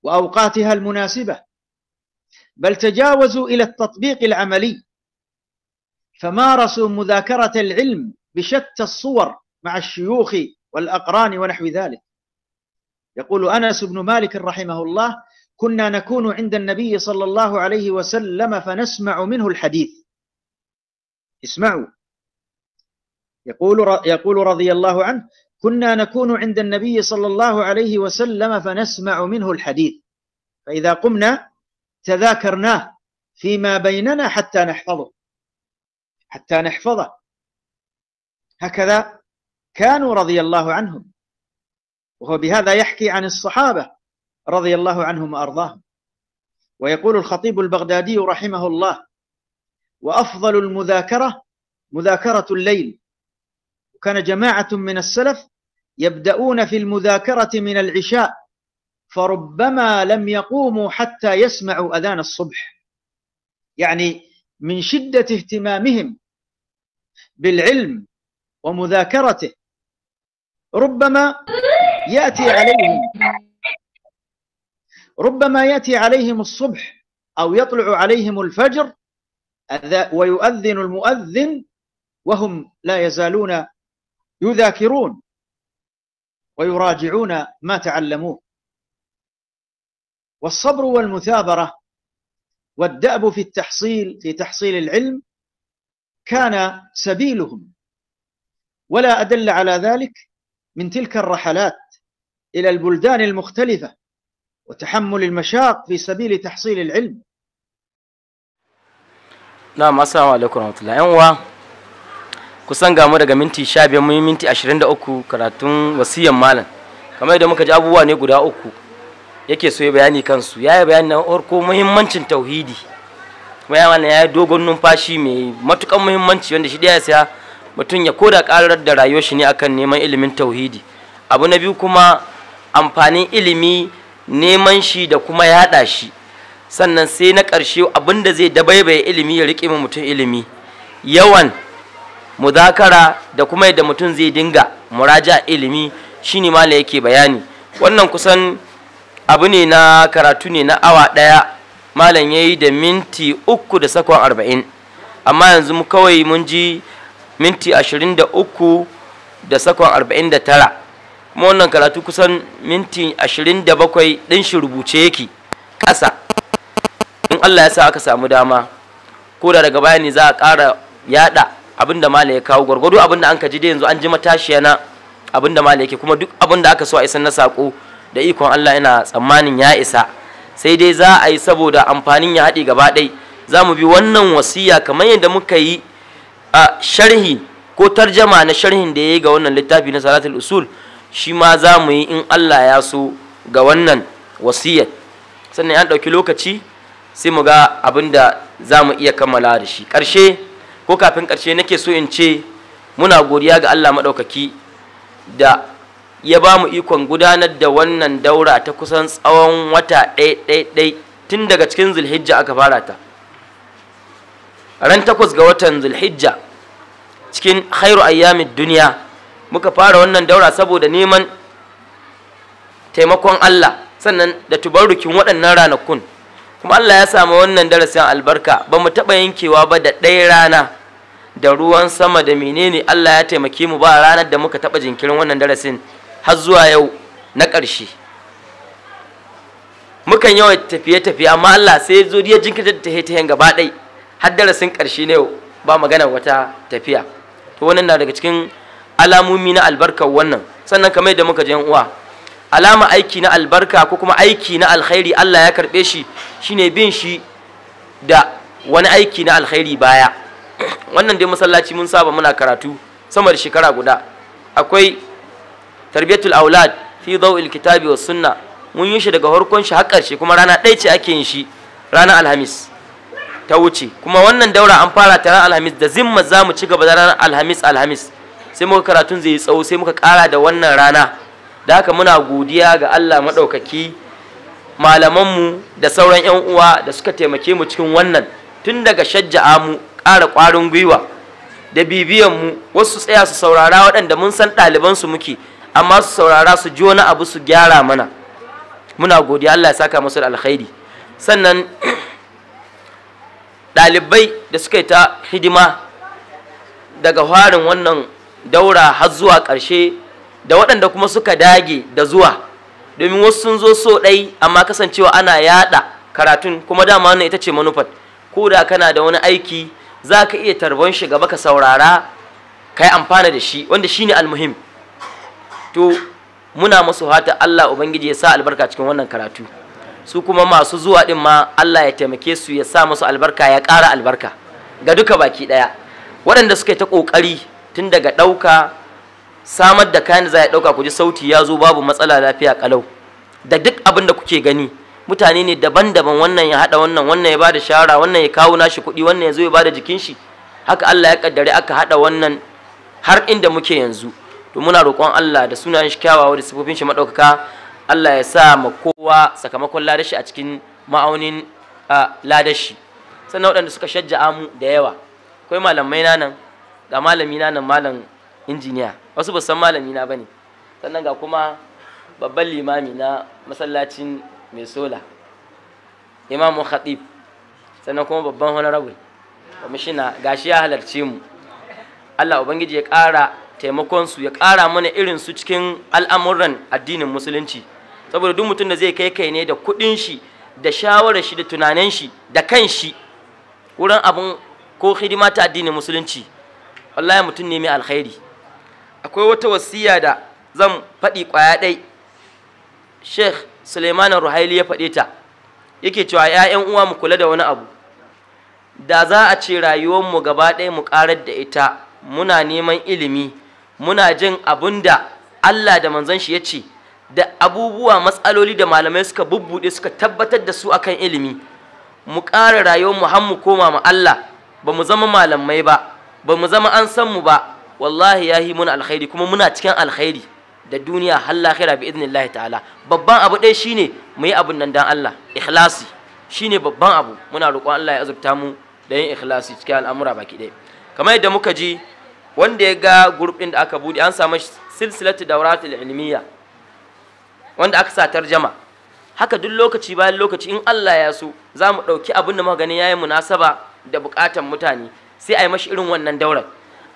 وأوقاتها المناسبة بل تجاوزوا إلى التطبيق العملي فمارسوا مذاكرة العلم بشتى الصور مع الشيوخ والأقران ونحو ذلك يقول أنس بن مالك رحمه الله كنا نكون عند النبي صلى الله عليه وسلم فنسمع منه الحديث اسمعوا يقول يقول رضي الله عنه كنا نكون عند النبي صلى الله عليه وسلم فنسمع منه الحديث فإذا قمنا تذاكرناه فيما بيننا حتى نحفظه حتى نحفظه هكذا كانوا رضي الله عنهم وهو بهذا يحكي عن الصحابة رضي الله عنهم وأرضاهم ويقول الخطيب البغدادي رحمه الله وأفضل المذاكرة مذاكرة الليل وكان جماعة من السلف يبدأون في المذاكرة من العشاء فربما لم يقوموا حتى يسمعوا أذان الصبح يعني من شدة اهتمامهم بالعلم ومذاكرته ربما يأتي عليهم ربما يأتي عليهم الصبح أو يطلع عليهم الفجر ويؤذن المؤذن وهم لا يزالون يذاكرون ويراجعون ما تعلموه والصبر والمثابرة والدأب في التحصيل في تحصيل العلم كان سبيلهم ولا أدل على ذلك من تلك الرحلات إلى البلدان المختلفة وتحمل المشاق في سبيل تحصيل العلم na'am assalamu alaikum warahmatullahi yan uwa kusan ga mu daga minti 15 mun minti 23 karatun wasiyan malam kamar yadda muka ji abubuwa ne guda uku yake so ya bayani kansu ya yi bayani na farko muhimmancin tauhidi kuma ya ya dogon numfashi mai matukan muhimmanci wanda shi ɗaya ya mutum ya koda karar da rayuwar shi ne akan neman ilimin tauhidi abu na biyu kuma amfanin ilimi neman shi da kuma yaɗa shi sannan sai na ƙarshe abin da zai dabaibaye ilimi ya riƙe ma mutum ilimi yawan muzakara da kuma yadda mutum zai dinga muraja ilimi shine mala yake bayani wannan kusan abu ne na karatu ne na awa ɗaya malam ya yi da minti uku da sakon arba'in amma yanzu mu kawai mun ji minti 23 da sakon 49 kuma wannan karatu kusan minti 27 ɗin shi rubuce yake ƙasa in Allah ya sa aka samu dama ko da daga baya ne za a ƙara yaɗa abin da mala ya kawo gwargwado abin da an ka ji da yanzu an ji matashiya na abin da mala yake kuma duk abin da aka so a isa na sako da ikon Allah yana tsammanin ya isa sai dai za a yi saboda amfanin ya haɗe gaba ɗai za mu bi wannan wasiya kamar yadda muka yi a sharhi ko tarjama na sharhin da ya yi ga wannan littafi na salatul usul shi ma za mu yi in Allah ya so ga wannan wasiyar sannan an ɗauki lokaci sai mu ga abin da za mu iya kammala da shi ƙarshe ko kafin ƙarshe nake so in ce muna godiya ga Allah maɗaukaki da ya ba mu ikon gudanar da wannan daura ta kusan tsawon wata ɗai ɗai ɗai tun daga cikin zulhijja aka fara ta ran takwas ga watan zulhijja cikin khairu ayyamin duniya muka fara wannan daura saboda neman taimakon Allah sannan da tubarukin waɗannan ranakun kuma Allah ya samu wannan darasin albarka ba mu taɓa yankewa ba da ɗaya rana da ruwan sama da menene Allah ya taimake mu ba ranar da muka taɓa jinkirin wannan darasin har zuwa yau na ƙarshe mukan yawa tafiye-tafiye amma Allah sai ya zo ya jinkirta ta gaba ɗaya har darasin ƙarshe ne ba magana wata tafiya to wannan na daga cikin alamomi na albarka wannan sannan kamar yadda muka jan uwa alama aiki na albarka ko kuma aiki na alkhairi Allah ya karɓe shi shine bin shi da wani aiki na alkhairi baya wannan dai masallaci mun saba muna karatu sama da shekara guda akwai tarbiyatul aulad fi dawil kitabi was sunna mun yi shi daga harkon shi har ƙarshe kuma rana ɗaya ce ake yin shi ranar alhamis ta wuce kuma wannan daura an fara ta ranar alhamis da zimma za mu ci gaba da ranar alhamis alhamis sai muka karatun zai yi tsawo sai muka kara da wannan rana da haka muna godiya ga allah maɗaukaki malamanmu da sauran 'yan uwa da suka taimake mu cikin wannan tun daga shajja'a mu ƙara ƙwarin gwiwa da bibiyan mu wasu tsaya su saurara waɗanda mun san ɗaliban su muke amma su saurara su jona abu su gyara mana muna godiya allah ya saka musu da alkhairi sannan ɗalibai da suka yi ta hidima daga farin wannan daura har zuwa ƙarshe da waɗanda kuma suka dage da zuwa domin wasu sun zo so ɗai amma kasancewa ana yaɗa karatun kuma dama wannan ita ce manufar ko da kana da wani aiki za ka iya tarban shi gaba ka saurara ka yi amfana da shi wanda shi ne almuhim to muna masu hata Allah Ubangiji ya sa albarka cikin wannan karatu su kuma masu zuwa din ma Allah ya taimake su ya sa musu albarka ya ƙara albarka ga duka baki ɗaya waɗanda suka yi ta ƙoƙari tun daga ɗauka samar da kayan da za a ɗauka ku ji sauti ya zo babu matsala lafiya ƙalau da duk abin da kuke gani mutane ne daban-daban wannan ya haɗa wannan wannan ya bada shara, wannan ya kawo nashi kuɗi wannan ya zo ya bada jikin shi haka Allah ya kaddare aka haɗa wannan har inda muke yanzu to muna roƙon Allah da sunayen shi kyawawa da sifofin shi maɗaukaka Allah ya sa ma kowa sakamakon ladashi a cikin ma'aunin ladashi sannan waɗanda suka shajja'a mu da yawa akwai malamai na nan ga malami na nan malam injiniya wasu ba san malami na bane sannan ga kuma babban limami na masallacin mai sola imamu khatib sannan kuma babban honorable kwamishina gashi ya halarce mu Allah ubangiji ya ƙara su ya ƙara mana irin su cikin al'amuran addinin musulunci saboda duk mutum da zai kai kai ne da kuɗin shi da shawarar shi da tunanin shi da kan shi wurin abin ko hidima ta addinin musulunci wallahi mutum ne mai alkhairi akwai wata wasiya da zan faɗi ƙwaya ɗai sheikh suleiman ruhaili ya faɗe ta yake cewa 'ya'yan uwa mu kula da wani abu da za a ce rayuwar mu gaba ɗaya mu ƙarar da ita muna neman ilimi muna jin abin da allah da manzon shi ya ce da abubuwa matsaloli da malamai suka bubbuɗe suka tabbatar da su akan ilimi mu ƙara rayuwar mu har mu koma ma Allah ba mu zama malamai ba ba mu zama an san mu ba wallahi yahi muna alkhairi kuma muna cikin alkhairi da duniya har lahira bi idnillahi ta'ala babban abu ɗaya shine mu yi abun nan dan Allah ikhlasi shine babban abu muna roƙon Allah ya azurta mu da yin ikhlasi cikin al'amura baki ɗaya kamar yadda muka ji wanda ya ga gurbin da aka buɗe an samu silsilatu dawratul ilmiya wanda aka sa tarjama haka duk lokaci bayan lokaci in Allah ya so za mu ɗauki abin da muka gani ya yi munasaba da buƙatan mutane sai a yi mashi irin wannan daurar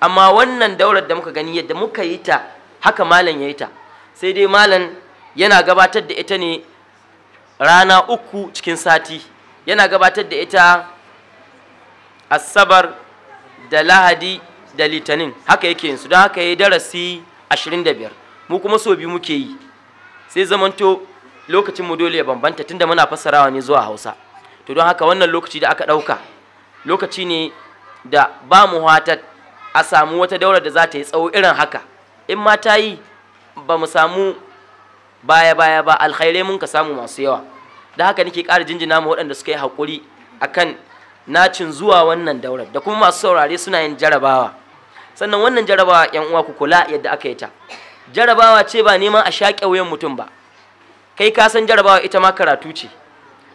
amma wannan daurar da muka gani yadda muka yi ta haka malam ya yi ta sai dai malam yana gabatar da ita ne rana uku cikin sati yana gabatar da ita asabar da lahadi da litinin haka yake su don haka ya yi darasi 25 mu kuma so biyu muke yi sai zamanto lokacin mu dole ya bambanta tunda muna fassarawa ne zuwa Hausa to don haka wannan lokaci da aka ɗauka lokaci ne da ba mu hatar a samu wata daular da za ta yi tsawo irin haka in ma ta yi ba mu samu baya baya ba alkhairai mun ka samu masu yawa da haka nake ƙara jinjina mu waɗanda suka yi haƙuri akan nacin zuwa wannan daular da kuma masu saurare suna yin jarabawa sannan wannan jarabawa yan uwa ku kula yadda aka yi ta jarabawa ce ba neman a shaƙe wuyan mutum ba kai ka san jarabawa ita ma karatu ce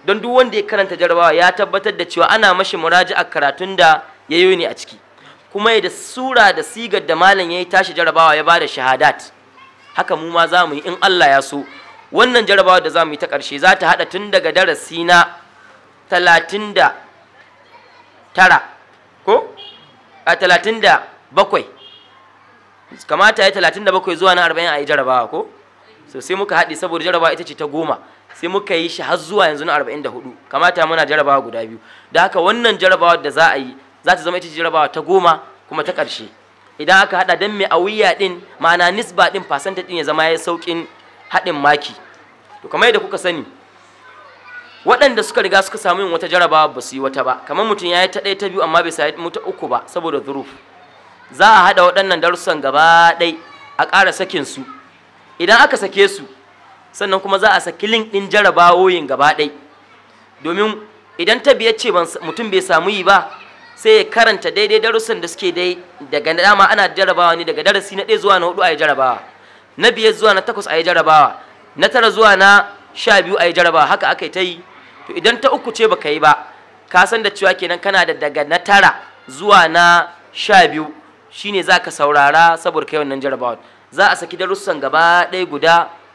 don duk wanda ya karanta jarabawa ya tabbatar da cewa ana mashi a karatun da ya yi ne a ciki kuma ya da sura da sigar da malam ya yi tashi jarabawa ya ba da shahadat haka mu ma za mu yi in Allah ya so wannan jarabawa da za mu yi ta ƙarshe za ta haɗa tun daga darasi na talatin da tara ko a talatin da bakwai kamata ya bakwai zuwa na arba'in a yi jarabawa ko so sai muka haɗi saboda jarabawa ita ce ta goma sai muka yi shi har zuwa yanzu na arba'in da hudu kamata muna jarabawa guda biyu da haka wannan jarabawa da za a yi za ta zama ita ce jarabawa ta goma kuma ta ƙarshe idan aka haɗa dan mai awiya ɗin ma'ana nisba ɗin fasanta ɗin ya zama ya yi sauƙin haɗin maki to kamar yadda kuka sani waɗanda suka riga suka samu yin wata jarabawa ba su yi wata ba kamar mutum ya yi ta ɗaya ta biyu amma bai sa ta uku ba saboda zuruf za a haɗa waɗannan darussan gaba ɗai a ƙara sakin su idan aka sake su sannan kuma za a saki link ɗin jarabawoyin gaba ɗai domin idan ta biya ce mutum bai samu yi ba sai ya karanta daidai darussan da suke dai daga dama ana jarabawa ne daga darasi na ɗaya zuwa na hudu a yi jarabawa na biyar zuwa na takwas a yi jarabawa na tara zuwa na sha biyu a yi jarabawa haka aka yi ta yi to idan ta uku ce baka yi ba ka san da cewa kenan kana da daga na tara zuwa na sha biyu shine za ka saurara saboda kai wannan jarabawar za a saki darussan gaba ɗaya guda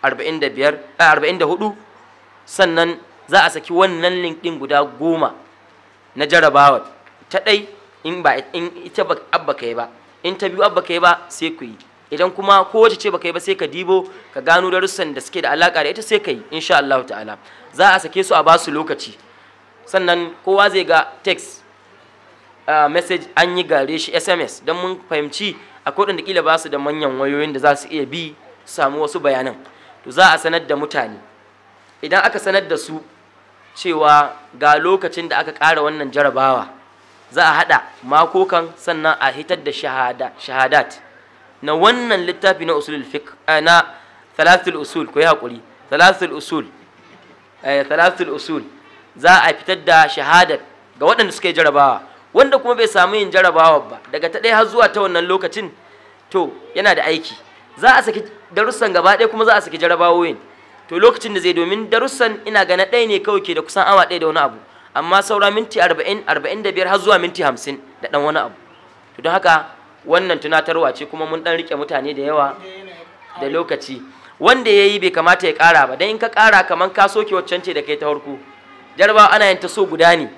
44 eh, sannan za a saki wannan link ɗin guda goma na jarabawar ta ɗai in ba in ita abba kai ba in ta biyu abba kai ba sai ku yi idan kuma kowace ce baka yi ba sai ka dibo ka gano darussan da suke da alaka da ita sai ka yi insha Allah ta'ala za a sake su a basu lokaci sannan kowa zai ga text message an yi gare shi sms don mun fahimci akwai waɗanda kila ba su da manyan wayoyin da za su iya bi samu wasu bayanan to za a sanar da mutane idan aka sanar da su cewa ga lokacin da aka kara wannan jarabawa za a haɗa makokan sannan a hitar da shahadat na wannan littafi na eh, usul na usul usul eh, thalathul usul za a fitar da shahadat ga waɗanda suka yi jarabawa wanda kuma bai samu yin jarabawar ba daga ta ɗaya har zuwa ta wannan lokacin to yana da aiki za a saki darussan gaba ɗaya kuma za a saki jarabawoyin to lokacin da zai domin darussan ina ga na ɗaya ne kawai ke da kusan awa ɗaya da wani abu amma saura minti arba'in arba'in da biyar har zuwa minti hamsin da ɗan wani abu to don haka wannan tunatarwa ce kuma mun ɗan riƙe mutane da yawa da lokaci wanda ya yi bai kamata ya ƙara ba don in ka ƙara kamar ka soke waccan ce da kai ta farko jarabawa ana yin ta so guda ne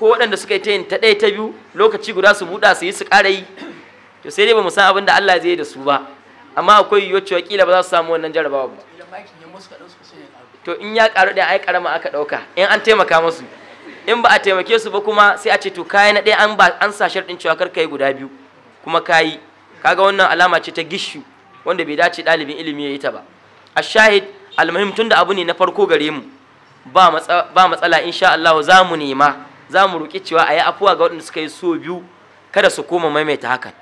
ko waɗanda suka yi ta yin ta ɗaya ta biyu lokaci guda su buɗa su yi su ƙara yi to sai dai ba mu san abin da Allah zai yi da su ba amma akwai yiwuwar cewa kila ba za su samu wannan jarabawa ba to in ya karu ɗaya ai karama aka ɗauka. in an taimaka musu in ba a taimake su ba kuma sai a ce to kayan na ɗaya an ba an sa sharɗin cewa kar ka yi guda biyu kuma ka kayi kaga wannan alama ce ta gishu wanda bai dace ɗalibin ilimi ya yi ta ba a shahid tun da abu ne na farko gare mu ba matsala insha Allah za mu nema za mu roƙi cewa a yi afuwa ga waɗanda suka yi so biyu kada su koma maimaita hakan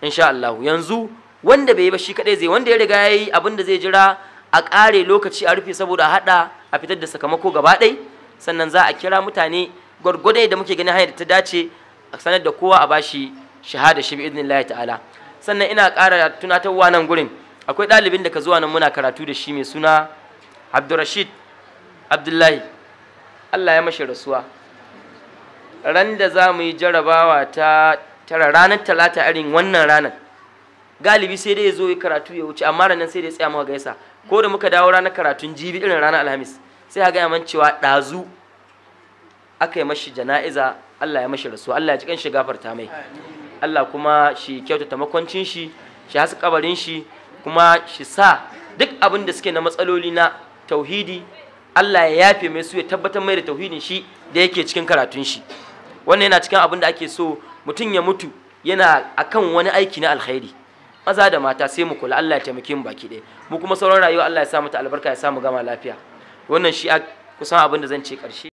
insha Allah yanzu wanda bai yi ba shi kadai zai wanda ya riga ya yi abin da zai jira a ƙare lokaci a rufe saboda a haɗa a fitar da sakamako gaba ɗai sannan za a kira mutane gwargwadai da muke ganin hanyar da ta dace a sanar da kowa a bashi shahada shi bi idnillahi ta'ala sannan ina ƙara tunatarwa nan gurin akwai ɗalibin da ka zuwa nan muna karatu da shi mai suna abdulrashid Abdullahi Allah ya mashi rasuwa ran da za mu yi jarabawa ta tara ranar talata irin wannan ranar galibi sai dai ya zo yi karatu ya wuce amma ranar sai dai ya tsaya muka gaisa ko da muka dawo ranar karatun jibi irin ranar alhamis sai ha gaya cewa ɗazu aka yi mashi jana'iza Allah ya mashi rasu Allah ya ci kanshi gafarta mai Allah kuma shi kyautata makwancin shi shi hasu kabarin shi kuma shi sa duk abin da suke na matsaloli na tauhidi Allah ya yafe mai su ya tabbatar mai da tauhidin shi da yake cikin karatun shi wannan yana cikin abin da ake so mutum ya mutu yana akan wani aiki na alkhairi maza da mata sai mu kula Allah ya taimake mu baki ɗaya mu kuma sauran rayuwa Allah ya sa mu albarka ya sa mu gama lafiya wannan shi kusan abin da zan ce ƙarshe